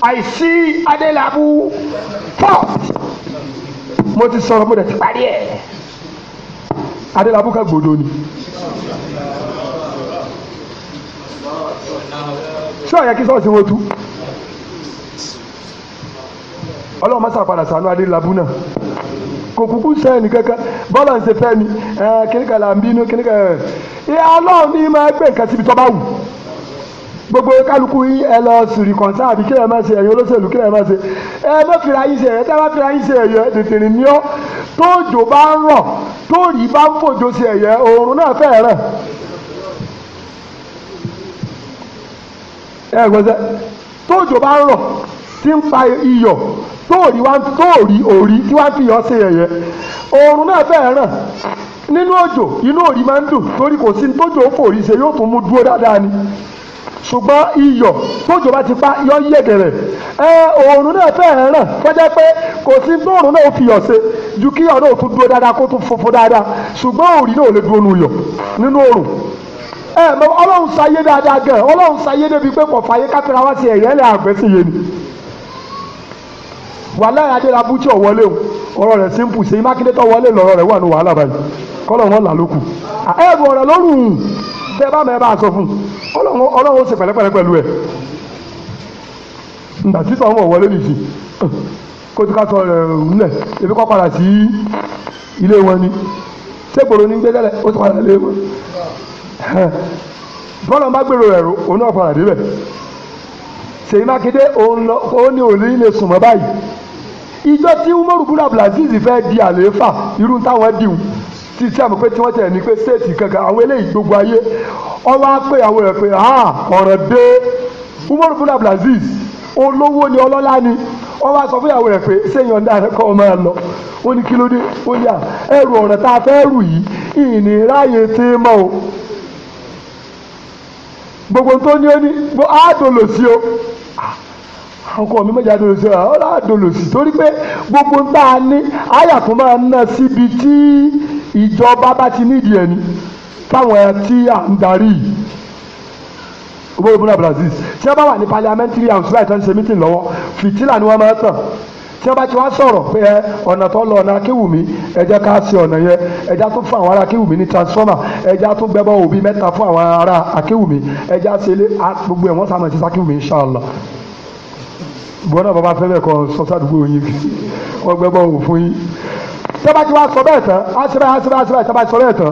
I see Adelabu first. Mo ti sọ̀rọ̀ mo dẹ̀ ti parí ẹ̀. Adelabu ká gbòdo ni. Ṣé ọ̀yẹ́ kí sọ́ọ̀sì wo tú? Ọlọ́run máa ṣàpadà sànú Adelabu náà kò kúkú sẹ́ni kankan bọ́lá ń ṣe fẹ́ mi kíníkà là ń bínú kíníkà ẹ̀ ẹ̀ ọlọ́run ní máa gbé nǹkan síbi tó bá wù gbogbo kálukú yín ẹ lọ sùrì kọ̀ǹsá àbí kí ẹ má ṣe ẹ̀yin olóṣèlú kí ẹ má ṣe ẹ má fira yín ṣe ẹ̀yẹ tẹ́ bá fira yín ṣe ẹ̀yẹ tètèrè ní ọ́ tóòjò bá ń rọ̀ tóòrì bá ń fòjò ṣe ẹ̀yẹ òòrùn náà fẹ́ rẹ̀ ẹ gbọ́dọ̀ tóòjò bá ń rọ̀ tí ń fa iyọ̀ tóòrì wá tóòrì òòrì tí wá fi iyọ̀ ṣe ẹ̀yẹ òòrùn náà fẹ́ rẹ̀ nínú òjò inú òòrì máa ń dùn torí kò sí tóòjò ó fòrí ṣe yóò tún mú dúró dáadáa ni. ṣùgbọ́n iyọ̀ tójò bá ti pa yọ yẹ̀gẹ̀rẹ̀ ẹ òòrùn náà fẹ́ ràn kọjá pé kò sí tóòrùn náà fi yọ̀ ṣe ju kí ọ̀rọ̀ òtún dúró dáadáa kó tún funfun dáadáa ṣùgbọ́n òòrì náà ò lè dúró nu yọ̀ nínú òòrùn ẹ mọ ọlọ́run dáadáa ọlọ́run débi pé kò fàyè ní tẹ bá mẹ bá sọ fún ọlọ́run ọlọ́run ó ṣe pẹ̀lẹ́pẹ̀lẹ́ pẹ̀lú ẹ̀ nígbà tí sọ̀rọ̀ wọlé nìyí kó tó ká sọ rẹ̀ ńlẹ̀ ebi kọ́ padà sí ilé wọn ni ségbòrò ní gbé tẹ́lẹ̀ ó ti padà lé wọn bọ́lá bá gbèrò rẹ̀ rò òun náà padà débẹ̀ Ṣèyí Mákindé òun ni òní lè sùn mọ́ báyìí ìjọ tí Umaru Abdulaziz fẹ́ di àlééfà irú táwọn dìhun sísẹ́mù pé tí wọ́n séètì kankan àwọn eléyìí gbogbo ayé ọwọ́ á àwọn pé ah, ọ̀rọ̀ dé Umaru bin olówó ni ọlọ́lá ni wọ́n wá sọ fún ìyàwó rẹ̀ pé máa lọ ó ní kí ló dé ó ní à ẹrù ọ̀rọ̀ a fẹ́ rù yìí ìníráyè tí ń o gbogbo tó ní ó ní àádọ́lò sí o ọkọ mi sí àádọ́lò ìjọba bá ti nídìí ẹni fáwọn tí à ń darí gbogbo ìbúra Brazil tí wọ́n bá wà ní parliamentary house láì tó ń ṣe meeting lọ́wọ́ fìtílà ni wọ́n máa ń tàn tí wọ́n bá ti wá sọ̀rọ̀ pé ẹ ọ̀nà tó lọ ọ̀nà akéwùmí ẹja ká ṣe ọ̀nà yẹn ẹja tún fún àwọn ará akéwùmí ní transformer ẹja tún gbẹbọ òbí mẹ́ta fún àwọn ará akéwùmí ẹja ṣe lé gbogbo ẹ̀ wọ́n sá máa ṣe sákéwùmí inṣàlá bọ́n náà bàbá fẹ́ bẹ́ẹ̀ kọ́ sọ́sádùúgbò yín wọ́n gbẹbọ òfin yín sábà tí wàá sọ bẹ́ẹ̀ tán á sí báyìí á sí báyìí a sí báyìí sọ bẹ́ẹ̀ tán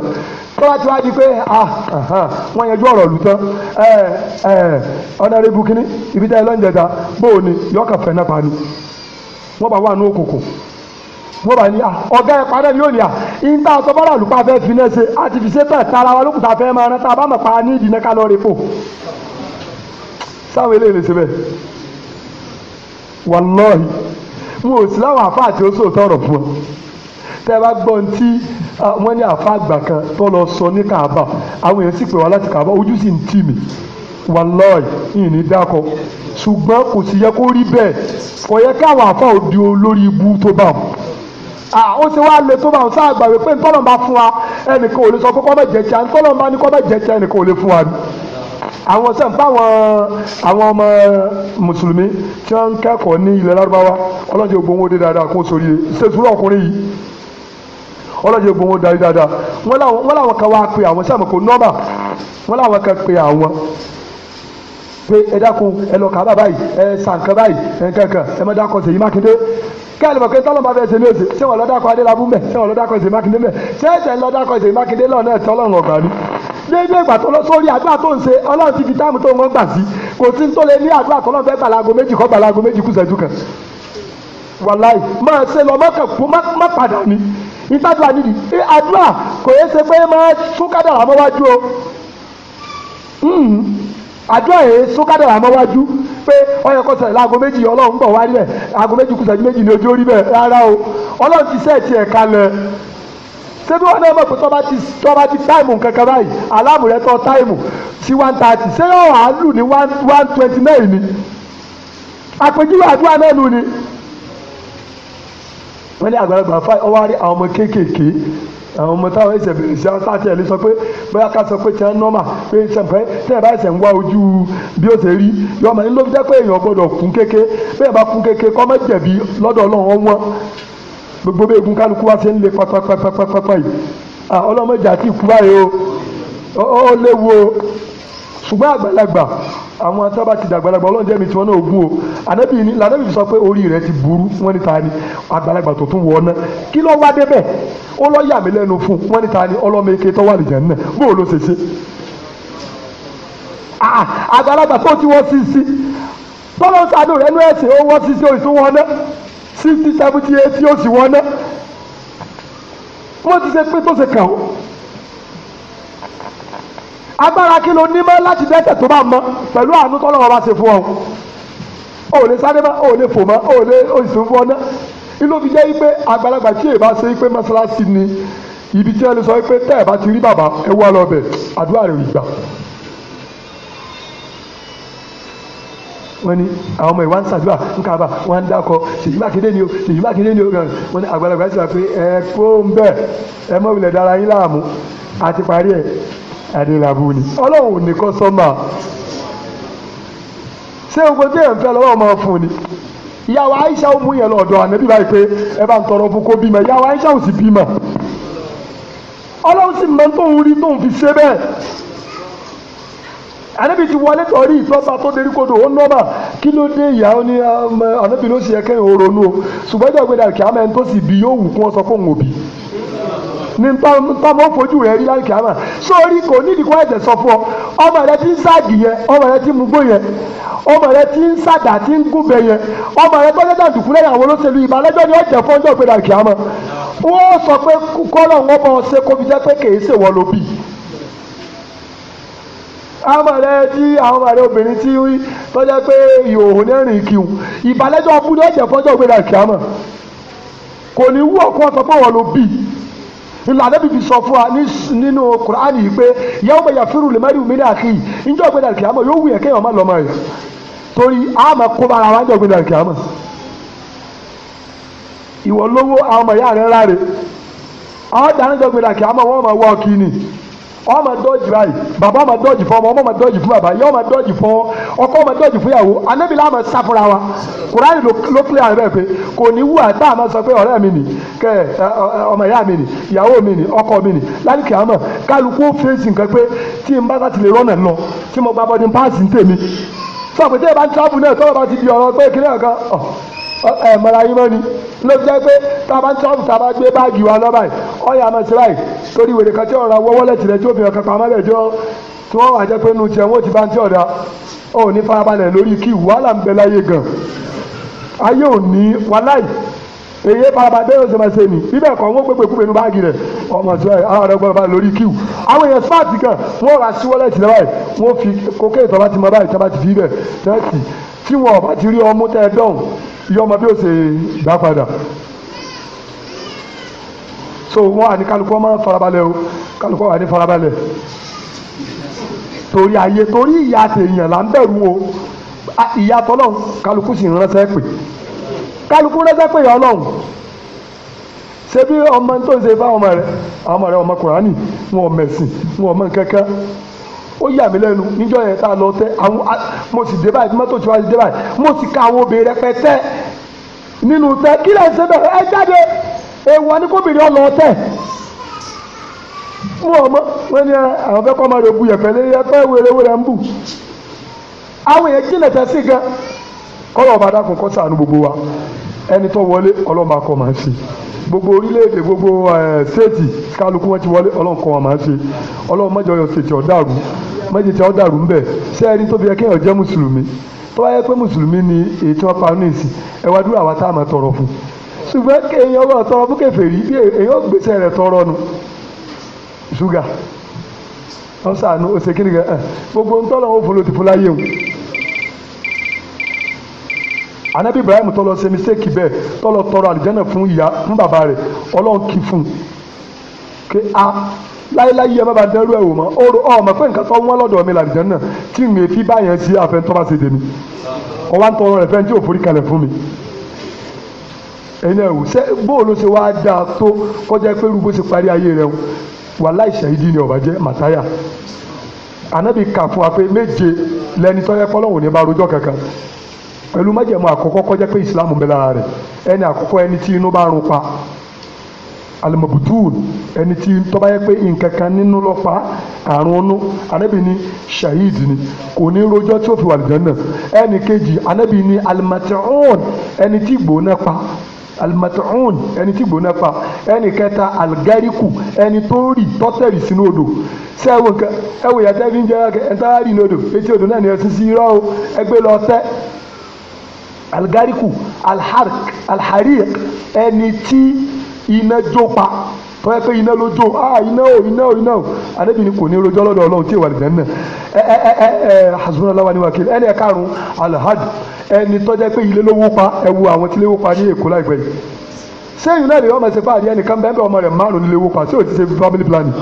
sábà tí di pé ah, wọ́n ọ̀rọ̀ lù tán ibi tẹ́ ẹ lọ́njẹ̀ta bóò ni yọ̀ọ̀kan fẹ́ náà wọ́n bá wà ní wọ́n bá ní ah, ọ̀gá ẹ̀ ní ah, fẹ́ fi náà ṣe àti fi wa lókùtà fẹ́ máa bá mọ̀ wọn sẹ́wá gbọ́n tí wọ́n ní àfa àgbà kan tó lọ sọ ní Kaaba àwọn èèyàn sì pè wá láti Kaaba ojú sì ń tì mí wàláì yìí ní dákọ ṣùgbọ́n kò sì yẹ kó rí bẹ́ẹ̀ kò yẹ káwọn àfa òdi olórí ibú tó bá wọn ó ṣe wá lè tó bá wọn sáà gbàgbé pé ntọ́nà bá fún wa ẹnìkan ò lè sọ pé kọ́ bẹ́ẹ̀ jẹ̀tì à ntọ́nà bá ní kọ́ bẹ́ẹ̀ jẹ̀tì ẹnìkan ò lè fún wa ni àwọn sẹ́ǹ báwọn àwọn ọmọ mùsùlùmí tí wọ́n ń kẹ́kọ̀ọ́ ní ilẹ̀ lárúbáwá ọlọ́jọ́ gbogbo dé dáadáa kó sórí e. ṣètùrọ̀ ọkùnrin yìí ọlọ́jọ́ gbogbo wọn darí dáadáa wọ́n láwọn kan wá pe àwọn sáà mọ̀ kó nọ́ọ̀bà wọ́n láwọn kan pe àwọn pé ẹ dákun ẹ lọ kàbà báyìí ẹ sànkà báyìí ẹ kankan ẹ má dákun Ṣèyí Mákindé káàlì mọ̀ pé tọ́lọ̀ bá fẹ́ ṣe ní òsè ṣé wọ́n lọ́dàkọ̀ Adélábù mẹ́ ṣé wọ́n lọ́dàkọ̀ Ṣèyí Mákindé mẹ́ ṣé ẹ̀ṣẹ̀ lọ́dàkọ̀ Ṣèyí Mákindé lọ́nà ẹ̀ tọ́lọ̀rùn ọ̀gbà ni. déédéé ìgbà tó lọ sórí àdúrà tó ń ṣe Ọlọ́run ti fi táàmù tó ń wọ́n gbà sí kò sí tó lé ní àdúrà tó lọ́n fẹ́ gbàlago méjì kọ́ gbàlago méjì kùsẹ̀jú kan. wàláì máa ṣe lọ mọ́kàn kú má padà ni ìsàdúrà nídìí àdúrà kò yẹ ṣe pé máa tún kádàrà mọ́wájú o hmm. àdúrà yẹn sún kádàrà mọ́wájú pé ọyọ kọ́ sọ̀rọ̀ láago méjì ọlọ́run ń bọ̀ wá níbẹ̀ aago méjì kùsàdí méjì ni ojú orí bẹ̀ rárá o ọlọ́run ti sẹ́ẹ̀tì ẹ̀ kalẹ̀ ṣebí wọn náà mọ̀ pé tọ́ba ti tọ́ba ti táìmù kankan báyìí aláàmù rẹ tọ́ táìmù sí one thirty ṣé yóò wá lù ní one twenty nine ni àpèjúwe àdúrà náà lù ni wọ́n ní àgbàlagbà fáì ọwọ́ àrí àwọn ọmọ kéékèèké àwọn ọmọ táwọn ẹsẹ̀ bẹ̀rẹ̀ sí àti ẹ̀lẹ́ sọ pé bóyá ká sọ pé tiẹ̀ nọ́mà pé sẹ̀pẹ́ tẹ̀yẹ̀ bá ẹsẹ̀ ń wá ojú bí ó ṣe rí yọ ọmọ nílò jẹ́ pé èèyàn gbọ́dọ̀ kún kéke bẹ́ẹ̀ bá kún kéke kọ́ mẹ́jẹ̀bi lọ́dọ̀ ọlọ́run wọn gbogbo bí egun kálukú wá ṣe ń le pẹ́pẹ́pẹ́pẹ́pẹ́ yìí ọlọ́mọ ìjà tí ì àwọn sábà ti dàgbàlagbà ọlọ́run jẹ́mi tí wọ́n náà gún o ànábì ni lànábì sọ pé orí rẹ ti burú wọ́n ní ta àgbàlagbà tó tún wọ náà kí ló wá débẹ̀ ó lọ yà mí lẹ́nu fún wọ́n ní ta ọlọ́mọ eke tó wà lìjẹ́ náà bó o ló ṣe ṣe. Ah, àgbàlagbà tó ti wọ́ sí sí tọ́lọ́ sàdó rẹ nú ẹ̀sìn ó wọ́ sí sí orí wọ́n náà sixty seventy eighty ó wọ́n náà wọ́n ti ṣe pé tó ṣe kàn agbára kí ló ní mọ́ láti dẹ́tẹ̀ tó bá mọ́ pẹ̀lú àánú tọ́lọ́wọ́ bá ṣe fún ọ o lè sáré mọ́ o lè fò mọ́ o lè oṣù fún ọ náà inú fi jẹ́ pé àgbàlagbà tí èèbá ṣe pé mọ́ṣáláṣí ni ibi tí ẹni sọ pé tẹ́ ẹ̀ bá ti rí bàbá ẹ wá lọ bẹ̀ àdúrà rẹ̀ ìgbà. wọ́n ní àwọn ọmọ ìwà ń ṣàdúrà ń kábà wọ́n ń dákọ̀ ṣèyí mákindé ni o ṣèyí mákindé ni o gan wọ́n ní àgbàlagbà ti sọ pé ẹ kó ń bẹ̀ ẹ mọ̀ wílẹ̀ dára yín láàmú àti parí ẹ̀ adélábù ni ọlọ́run ò ní kọ́sọ́mà ṣé gbogbo tí ẹ̀ ń fẹ́ lọ́wọ́ máa fún ni ìyàwó Aisha ó mú yẹn lọ́dọ̀ ànábì báyìí pé ẹ bá ń tọrọ fún kó bímọ ìyàwó Aisha ò sì bímọ ọlọ́run sì mọ tóun rí tóun fi ṣe bẹ́ẹ̀ ànábì ti wọlé tọrí ìtọ́ba tó dérí kodò ó nọ́mà kí ló dé ìyá ó ní ah, ànábì ló ṣe ẹkẹ́ ìhòòrò nù o ṣùgbọ́n ìjọba ìdàkẹ́ àmọ́ ẹni tó sì bí yóò wù kí wọ́n sọ fóun òbí ní tọ́mọ fojú rẹ rí láìkí àmà sórí kò nídìí kó ẹ̀jẹ̀ sọ fún ọ ọmọ rẹ ti ń ságì yẹn ọmọ rẹ ti ń mugbó yẹn ọmọ rẹ ti ń sàdá ti ń gúnbẹ yẹn ọmọ rẹ gbọ́dọ̀ dàdùkú lẹ́yìn àwọn olóṣèlú ìbá lẹ́jọ́ ni ó jẹ́ fún ọjọ́ ìpínlẹ̀ àkì àmọ́ wọ́n sọ pé kọ́lọ̀ wọn bọ̀ ṣe kó fi jẹ́ pé kèé ṣe wọ́n ló bì í. ọmọ rẹ tí àwọn ọmọ rẹ obìnrin tí tọ́jà pé ìhòòhò ní ẹ̀rìn kìhùn ìbálẹ́jọ́ fún ọjọ́ ìpínlẹ̀ àkì àmọ́ kò ní wú ọkọ sọ pé wọ́n ló ìlànà bíbí sọ fún wa nínú Kùránì yìí pé yẹ́wò bẹ̀yà fírù lè mẹ́rin òmìnira kì í njọ́ gbẹ̀dà kìámọ̀ yóò wù yẹn kéèyàn má lọ́mọ rẹ̀ torí àmọ́ kó bára wa njọ́ gbẹ̀dà kìámọ̀ ìwọ lówó àwọn ọmọ ìyá rẹ̀ rárẹ̀ ọ̀ dáná njọ́ gbẹ̀dà kìámọ̀ wọ́n mọ̀ wọ́ọ̀kì ni. ọmọ ma dọ́ọ̀jì báyìí bàbá ma dọ́ọ̀jì fún ọmọ ọmọ máa dọ́ọ̀jì fún bàbá ìyá máa dọ́ọ̀jì fún ọkọ máa dọ́ọ̀jì fún yàwó anábì la máa fúnra wa kùránì ló pè àrẹ pé kò ní wù àtà àmọ́ sọ pé ọ̀rẹ́ mi nì kẹ ọmọ ìyá mi nì ìyàwó mi nì ọkọ mi nì lálùkì kálukú fèsì nǹkan pé tí n bá ti lè rọ́nà lọ tí mo ń sọ pé tí ẹ bá ń travel náà tọ́wọ́ bá ti di ọ̀rọ̀ pé kílẹ̀ kan ẹ mọ̀ra yín mọ́ ni ló jẹ́ pé tá a bá ń travel tá a bá wa lọ́ báyìí ọ̀yà àmọ́ báyìí torí wèrè kan tí ọ̀rọ̀ wọ́wọ́ lẹ́tìrẹ́ tí obìnrin kan pamọ́ lẹ̀ jọ tí wọ́n wà jẹ́ pé nu tiẹ̀ wọ́n ti bá ń tí ọ̀dà ò ní farabalẹ̀ èyí faraba bẹ́ẹ̀ ló ṣe máa ṣe nì bíbẹ̀ kọ́ wọ́n gbégbé kúpe ní báàgì rẹ̀ ọmọ tí wọ́n àwọn ọ̀dọ́ gbọ́dọ̀ bá lórí kíw àwọn èèyàn smart kan wọ́n ra sí wọ́lẹ̀tì lọ́wọ́ yìí wọ́n fi kókè tó bá ti mọ báyìí tó bá ti fi bẹ̀ tẹ́tì tí wọ́n bá ti rí ọmú tẹ́ ẹ dán yọ ọmọ bí ó ṣe gbá padà so wọ́n wà ní kálukú ọmọ farabalẹ̀ o kálukú wà ní farabalẹ̀ torí ayé torí ìyá àtẹ̀yìn là ń bẹ̀rù o ìyá tọ́lọ́ kálukú sì ń ránṣẹ́ pè kálukú rẹ́jẹ́ pé ìyá ọlọ́run ṣe bí ọmọ tó ń ṣe fáwọn ọmọ rẹ àwọn ọmọ rẹ ọmọ kùránì wọn ọmọ ẹ̀sìn wọn ọmọ kankan ó yà mí lẹ́nu níjọ́ yẹn tá a lọ tẹ́ àwọn mo sì dé báyìí mọ́tò tí wọ́n ti dé báyìí mo sì ka àwọn obìnrin rẹpẹtẹ nínú tẹ kí lẹ́yìn ṣe bẹ̀rẹ̀ ẹ jáde èèwọ̀ ni kóbìnrin ọ̀ lọ tẹ̀ fún ọmọ wọn ni àwọn fẹ́ kọ́ ọmọ rẹ bu yẹ̀pẹ̀ lé yẹpẹ́ wẹrẹwẹrẹ ń bù àwọn èèyàn jìnlẹ̀ tẹ̀ sí gan kọ́lọ̀ bá dákun kọ́ gbogbo wa ẹni tọ wọlé ọlọ́run bá máa ń ṣe gbogbo orílẹ̀-èdè gbogbo ṣéètì kálukú wọn ti wọlé ọlọ́run kọ́ máa ń ṣe ọlọ́run mọ́jọ yọ ṣètì ọ̀dàrú mọ́jẹ̀tì ọ̀dàrú ńbẹ̀ sẹ́ẹ̀rí tó fi yẹ kéèyàn mùsùlùmí tó bá yẹ pé mùsùlùmí ni ètò a máa tọrọ fún anabi ibrahim tó lọ ṣe mistake bẹ́ẹ̀ tó lọ tọrọ àlìjẹ́nà fún ìyá fún bàbá rẹ̀ ọlọ́run kì í fún un pé a láíláí yẹ bàbá dẹrú ẹ̀ wò mọ́ ó rò ọmọ pé nǹkan tó wọ́n lọ́dọ̀ mi làlìjẹ́nà tí mi fi báyẹn sí àfẹ́ntọ́ bá ṣe tèmi ọwọ́ ń tọrọ rẹ̀ fẹ́ tí ò forí kalẹ̀ fún mi ẹ̀yin ẹ̀ wò bóòlù ṣe wá dáa tó kọjá pé rúgbó ṣe parí ayé rẹ̀ wàláì ṣàhídì ni ọ̀bà jẹ́ màtáyà anabi kà fún wa pé méje lẹni tọ́yẹ kọ́lọ́hùn ní bá rojọ́ kankan pẹ̀lú májẹ̀mú àkọ́kọ́ kọjá pé ìsìlámù ń bẹ lára rẹ̀ ẹni àkọ́kọ́ ẹni tí inú bá rún pa alimabutuun ẹni tí tó bá yẹ pé nǹkan kan nínú lọ fa àrùn ọnú anabi ni shahid ni kò ní rojọ́ tí ó fi wà lìjánà ẹni kejì anabi ni alimatiun ẹni tí gbóná pa alimatiun ẹni tí gbóná pa ẹni kẹta aligariku ẹni tó rì tọ́tẹ̀rì sínú odò ṣé ẹ wò nǹkan fi ń jẹ́ ẹ ń tá rì odò etí odò náà ni ẹ sísí irọ́ ẹgbẹ́ lọ algariku alhark alhariq ẹni tí iná jó pa tọ́yẹ pé iná ló jó ah iná o iná o iná o ànábì ni kò ní rojọ́ lọ́dọ̀ ọlọ́run tí ìwà àlùjá náà ẹ ẹ ẹ ẹ hasbunallahu wa ni'mal wakil ẹni ẹ karùn alhad ẹni tọ́jà pé ilé lówó pa ẹ wo àwọn tí ilé wó pa ní èkó láìpẹ́ yìí sẹ́yìn náà lè ọmọ ẹsẹ̀ fáàrí ẹnìkan bẹ́ẹ̀ bẹ́ẹ̀ ọmọ rẹ̀ márùn-ún lè wó pa tí ò family planning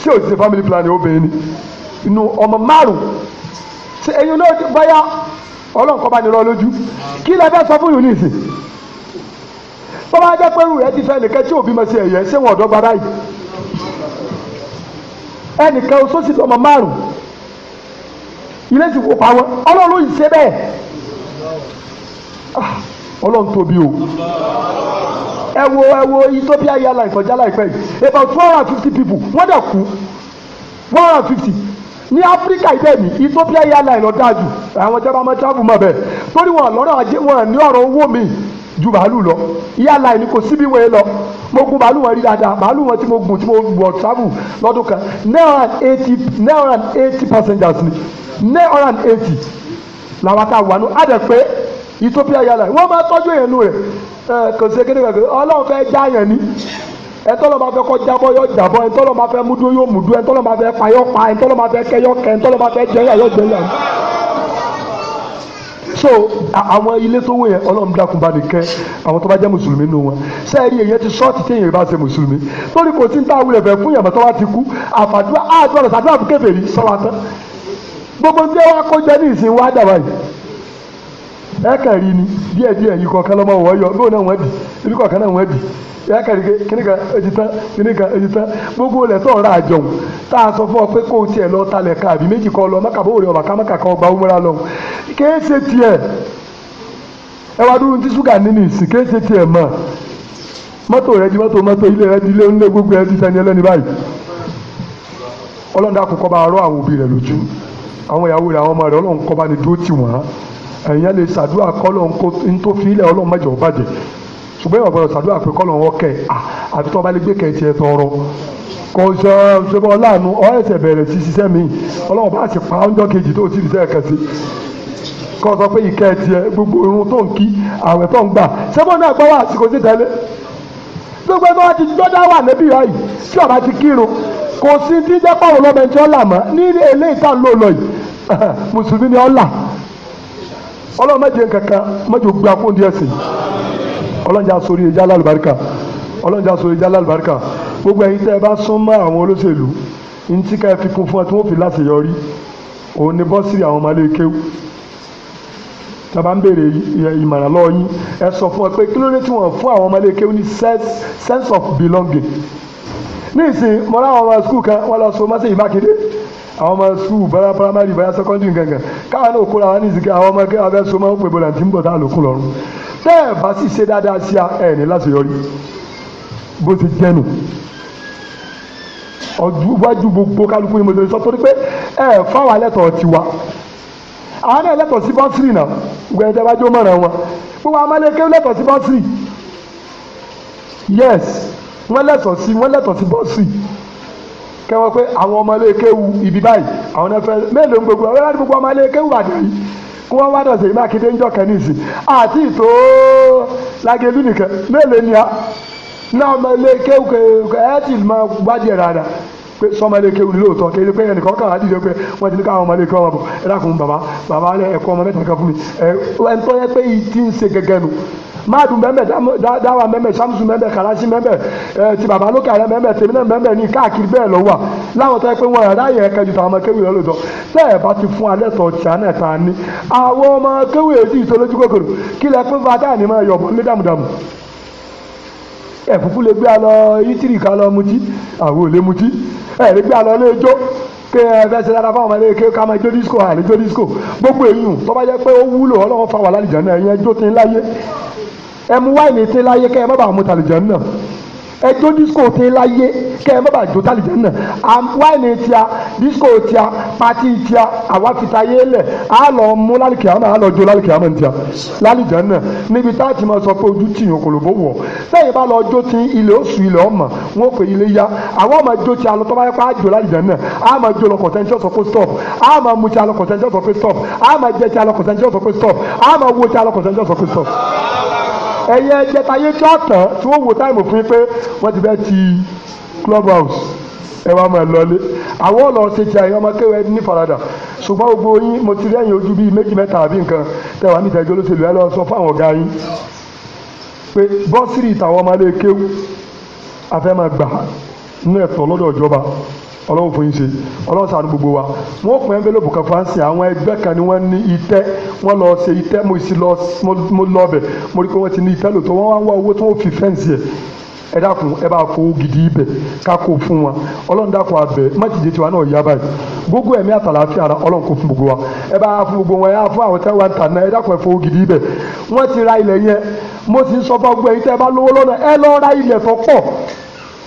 tí ò family planning obìnrin ni inú ọmọ márùn ṣe ẹyin náà báyà ọlọ́nkọ́ bá nírọ̀ lójú kí lè bẹ́ sọ fún yìí nìsín bọ́lá jẹ́ pé rú rẹ̀ ti fẹ́ nìkan tí òbí mọ̀ sí ẹ̀yẹ ṣé wọn ọ̀dọ́ gbadá yìí ẹnìkan oṣù sì lọ́mọ márùn ilé sì wò pa wọn ọlọ́run yìí ṣe bẹ́ẹ̀ ah, ọlọ́run tóbi o ẹ wo ẹ wo Ethiopia airlines ọjà láìpẹ́ yìí about one hundred and fifty people wọ́n dẹ̀ kú one hundred and fifty ní áfíríkà ìdẹ́ni ethiopia airline ló dáa jù àwọn ìjọba ọmọ travel mọ̀ bẹ́ẹ̀ torí wọn lọ́rọ̀ ajé wọn ní ọ̀rọ̀ owó mi ju bàálù lọ airline kò síbi wọ́n lọ mo gun bàálù wọn rí dáadáa bàálù wọn tí mo gùn tí mo wọ̀ travel lọ́dún kan nine hundred eighty nine hundred eighty passengers ni nine hundred eighty làwọn tá a wà nù á dẹ̀ pé ethiopia airline wọ́n máa tọ́jú èèyàn nù rẹ̀ kò sí kékeré kan ọlọ́run fẹ́ já yẹn ni ẹtọ́lọ́ máa fẹ́ kọ́ jábọ́ yọ jábọ́ ẹtọ́lọ́ máa fẹ́ múdú yóò múdú ẹtọ́lọ́ máa fẹ́ pa yọ pa ẹtọ́lọ́ máa fẹ́ kẹ́ yọ kẹ́ ẹtọ́lọ́ máa fẹ́ jẹyà yọ jẹyà. so àwọn ilé tó wọ yẹn ọlọ́run dákun bá nìkẹ́ àwọn tó bá jẹ́ mùsùlùmí nù wọn sẹ́ẹ̀rì èyàn ti sọ́ọ̀tì téèyàn bá ṣe mùsùlùmí lórí kò sí ní táwọn ẹ̀fẹ̀ fún yàrá tó bá ti kú àfàdúrà àdúrà sàdúrà fún kébèrè sọ́wọ́ ẹ̀ẹ́kẹ̀rì ni díẹ̀ díẹ̀ yìí kọ̀ọ̀kan yọ bí òun náà wọ́n dì ibi kọ̀ọ̀kan náà wọ́n dì ẹ̀ẹ́kẹ̀rì kíníkan gbogbo rẹ̀ sọ̀rọ̀ àjọ̀hún tá a sọ fún ọ pé kó o tiẹ̀ lọ talẹ̀ ká maka méjì maka lọ mọ́kàbó rẹ̀ ọ̀bàká mọ́kà kan ọgbà òmùra lọ dúró ní ṣúgà nínú ìsìn kéé ṣe tiẹ̀ mọ́ mọ́tò di mọ́tò mọ́tò ilé rẹ di ilé onílé gbogbo ẹ ti sẹ́ni ẹlẹ́ni báyìí ọlọ́run dákun kó ẹ̀yàn lè ṣàdúrà kọ́lọ̀ ń tó filẹ̀ ọlọ́run má jẹ́ ó bàjẹ́ ṣùgbọ́n ìwà gbọ́dọ̀ ṣàdúrà pé kọ́lọ̀ wọn kẹ̀ àti tó bá lè gbé kẹ̀tì ẹ̀ tọrọ kò sọ ṣọba ọláàánú ọ ẹsẹ̀ bẹ̀rẹ̀ sí ṣiṣẹ́ mi ọlọ́run bá sì pa ọjọ́ kejì tó ti ṣiṣẹ́ ẹ̀kẹ́ sí kọ́ sọ pé ìkẹ́ tiẹ̀ gbogbo irun tó ń kí àwẹ̀ tó ń gbà ṣẹ́fọ́n náà gbọ́ wá àsìkò sí tẹ́lẹ̀ gbogbo ẹgbẹ́ wa ti jọ́dá wà níbí yọ yìí tí ọba ti kírun kò sí ti jẹ́ pàwọn ọlọ́mọ ẹjọ́ là mọ́ ní eléyìí tá à ń lò lọ yìí mùsùlùmí ni ọ́ là ọlọ́run má jẹ́ kankan má jẹ́ gba fún díẹ̀ sí ọlọ́run já sórí ìjà lálùbáríkà ọlọ́run já sórí ìjà lálùbáríkà gbogbo ẹ̀yin tẹ́ ẹ bá sún mọ́ àwọn olóṣèlú ntí ká ẹ fi kún fún ẹ tí wọ́n fi láṣeyọrí òun ni bọ́sìrì àwọn ọmọlé kéwù tàbá ń béèrè ìmọ̀ràn lọ́wọ́ yín ẹ sọ fún ẹ pé kí ló dé tí wọ́n fún àwọn ọmọlé kéwù ní sense of belonging ní ìsìn mọ́ra àwọn ọmọ skul kan wọ́n lọ so mọ́sẹ̀ ìmákindé àwọn ọmọ sùúrù báyà primary báyà secondary gàngàn káwọn náà kóra wọn ní ìsìnkú àwọn ọmọ kẹwàá fẹẹ so máa ń pè bọlá tí ń bọ̀ tá a lò kún lọ́rùn tẹ́ ẹ̀ bá sì ṣe dáadáa sí a ẹ̀ ní láṣeyọrí bó ti jẹnu ọjọ́wájú gbogbo kálukú ni mo lè sọ torí pé ẹ fáwọn alẹ́tọ̀ tiwa àwọn náà lẹ́tọ̀ sí bọ́sìrì náà gbẹ̀dẹ̀ bá jó mọ̀ràn wọn gbogbo amáléké lẹ́tọ̀ sí bọ́sìrì yes wọ́n lẹ́tọ̀ sí wọ́n lẹ́tọ̀ sí bọ́sìrì kẹwọn pé àwọn ọmọ ilé kéwu ibi báyìí àwọn náà fẹ́ mélòó ń gbogbo ọ̀rẹ́ láti gbogbo ọmọ ilé kéwu àdá yìí kí wọ́n wá dọ̀sẹ̀ yìí mákindé ń jọkẹ́ ní àti ìtò lágẹ̀lú nìkan mélòó ni a náà ọmọ ilé kéwu ẹ ti máa gbádìí rárá pé sọmọlẹ́kẹ́ wù lóòótọ́ kí ẹni pé ẹnìkan kàn á dìde pé wọ́n ti ní káwọn ọmọlẹ́kẹ́ ọmọ bọ̀ ẹ dákun baba bàbá alẹ́ ẹ̀kọ́ ọmọ mẹ́ta kan fún mi ẹ ẹ ntọ́ yẹ pé yìí ti ń ṣe gẹ́gẹ́ nu máàdù mẹ́mẹ́ dáwà mẹ́mẹ́ samusu mẹ́mẹ́ kalasi mẹ́mẹ́ ẹ ti bàbá lókè rẹ mẹ́mẹ́ tèmi náà mẹ́mẹ́ ní káàkiri bẹ́ẹ̀ lọ wà láwọn tó yẹ pé wọn ẹ̀rá yẹ kẹjù tàwọn ọmọ kéwì rẹ lòtọ́ bẹ́ẹ̀ bá ti fún alẹ́ tọ̀ tí a náà ta ni àwọn ọmọ kéwì èdè ìtọ́lójú kòkòrò kí lẹ pé fata ni máa yọ̀ bọ́ ní dàmùdàmù ẹ̀fúfú lè gbé alọ yítìrì kalọ mutí àwọn ò lè mutí ẹ̀rí gbé àlọ́ lé ijó pé ẹ fẹ́ ṣe dára fáwọn ọmọ ilé ká máa jó disco àlè jó disco gbogbo èyàn tó bá jẹ́ pé ó wúlò ọlọ́wọ́ fa wà lálìjẹ́ náà ẹ̀yẹn jó tin láyé ẹ mú wáìnì tin láyé kẹ́ ẹ má bàa mú tàlìjẹ́ náà ẹjọ́ disco tẹ láyé kẹ́ ẹ má bàa jó tálíjà náà wáìnì tíá disco tíá pati tíá àwa fìtá yé lẹ̀ á lọ mú lálùkì àmọ́ á lọ jó lálùkì àmọ́ tíá lálìjà náà níbi tá a ti máa sọ pé ojú tì yàn kòlòbó wọ̀ sẹ́yìn bá lọ jó ti ilé oṣù ilẹ̀ ọmọ wọn pè ilé yá àwọn ọmọ jó ti alọ tó bá yẹ á jó lálìjà náà á máa jó lọ kọ̀tẹ́ńtì ọ̀sọ̀ pé stop á máa mu ti alọ kọ̀tẹ́ńtì ọ̀sọ̀ pé stop á máa jẹ ti alọ stop á máa wo ti alọ stop. ẹ̀yẹ jẹtayé tí ó tàn tí ó wò táìmù fún yín pé wọ́n ti fẹ́ ti club house ẹ wá máa lọlé àwọn ọ̀nà ọ̀sẹ̀ tí àyàn máa kéwàá ní faradà ṣùgbọ́n gbogbo yín mo ti rí ẹ̀yìn ojú bíi méjì mẹ́ta àbí nǹkan tẹ̀ wá níta ìjọ olóṣèlú ẹ lọ sọ fáwọn ọ̀gá yín pé bọ́sìrì ìtàwọn ọmọ alẹ́ ọlọ́run fún yín ṣe ọlọ́run ṣàánú gbogbo wa wọ́n pín envelope kan fáǹsì àwọn ẹgbẹ́ kan ni wọ́n ní itẹ́ wọ́n lọ ṣe itẹ́ mo sì lọ mo lọ bẹ̀ mo rí i pé wọ́n ti ní itẹ́ lòtọ́ wọ́n wá ń wá owó tó ń fi fẹ́ǹsì ẹ̀ ẹ dákun ẹ bá fowó gidi ibẹ̀ ká kó fún wa ọlọ́run dákun abẹ májèjì tiwa náà yá báyìí gbogbo ẹ̀mí àtàlàfíà ara ọlọ́run kó fún gbogbo wa ẹ bá fún gbogbo wọn ẹ á fún àwọn tẹ́ wa ń tà náà ẹ dákun ẹ fowó gidi ibẹ̀ wọ́n ti ra ilẹ̀ yẹn mo sì ń sọ fún ọgbẹ́ yìí tẹ́ ẹ bá lówó lọ́nà ẹ lọ́ọ́ ra ilẹ̀ tó pọ̀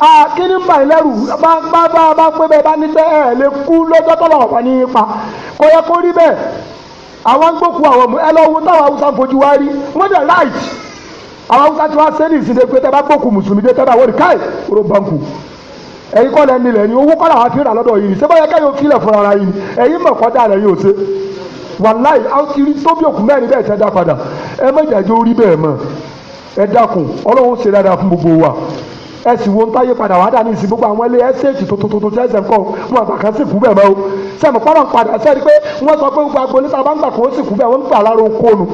a ń bà yín lẹ́rù bá bá bá pé bẹ́ẹ̀ bá ní sẹ́ ẹ̀ lè kú lọ́jọ́ tọ́lọ̀ ọ̀pá ní ipa kò yẹ kó rí bẹ́ẹ̀ àwọn ń gbókùú àwọn ọmọ ẹ lọ wo táwọn haúsá fojú wá rí wọ́n dẹ̀ láìsí àwọn haúsá tí wọ́n ṣe ní ìsìnkú pé tẹ́ bá gbókùú mùsùlùmí dé tẹ́ bá wọ́n káì oró bánkù ẹ̀yin kọ́ lẹ́ni lẹ́ni owó kọ́ làwọn afi rà lọ́dọ̀ yìí ṣé fún ara yìí ẹ̀yin mọ̀ rẹ̀ yóò ṣe wàláì àwòtí òkú ẹ sì wo ntáyé padà wá dà ní ìsìn gbogbo àwọn ilé ẹ́sẹ̀tì tuntun ṣẹ̀ṣẹ̀ kọ́ wọn àgbà kan sì kú bẹ̀ mọ́ o sẹ́mi pọ́nà padà sẹ́ni pé wọ́n sọ pé gbogbo agbolé sábà ń gbà kó sì kú bẹ̀ wọ́n ń gbà lára oko nù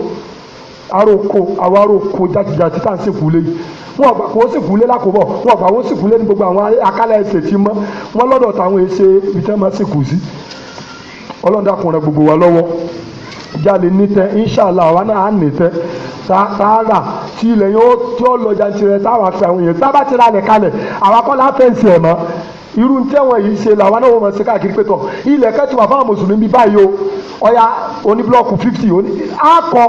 ara oko àwọn ara oko jajìjàjì tá à ń sìnkú lé yìí wọn gbà kó sìnkú lé lákòbọ̀ wọn gbà kó sìnkú lé ní gbogbo àwọn akálẹ̀ ẹsẹ̀ tí mọ́ wọn lọ́dọ̀ táwọn èsè ibi tí wọ́n máa sìnkú sí ọlọ́dà gbogbo wa lọ́wọ́ jalè níṣẹ́ inṣàlá àwa náà á níṣẹ́ sáárà tí ilẹ̀ yẹn ó tí ó lọ jantirẹ̀ táwọn àti àwọn èèyàn tábà ti ra lẹ̀ kalẹ̀ àwa kọ́ la fẹ́ǹsì ẹ̀ mọ́ iru tí àwọn yìí ṣe làwọn náà wọ́n mọ̀ sí káàkiri pé tọ̀ ilẹ̀ kẹ́tù wà fáwọn mùsùlùmí báyìí o ọ̀ya oníbúlọ́ọ̀kù fifty akọ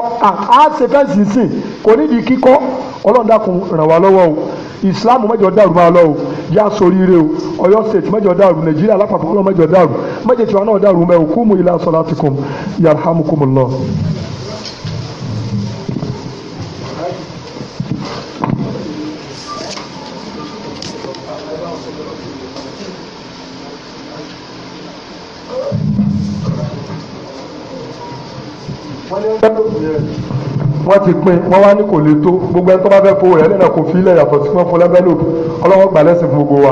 àṣẹ fẹ́ǹsì sìn kò nídìí kíkọ́ ọlọ́run dákun ràn wá lọ́wọ́ o islam mẹ́jọ dàrú máa lọ o yá sórí ire o ọ̀yọ́ state mẹ́jọ dàrú nàìjíríà lápapọ̀ ọlọ́run mẹ́jọ dàrú náà dàrú o wọ́n ti pín wọ́n wá ní kò lè tó gbogbo ẹni tó bá fẹ́ fowó rẹ̀ lẹ́nà kò fi ilẹ̀ yàtọ̀ sí fún fún lẹ́bẹ̀lú ọlọ́wọ́ gbà gbogbo wa.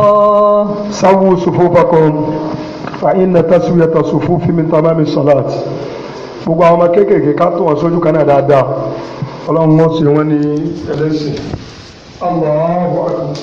سووا صفوفكم فإن تسوية الصفوف من تمام الصلاة gbogbo àwọn ọmọ kéékèèké ká tó wọn sójú kan náà dáadáa ọlọ́run wọn sì wọn ní ẹlẹ́sìn.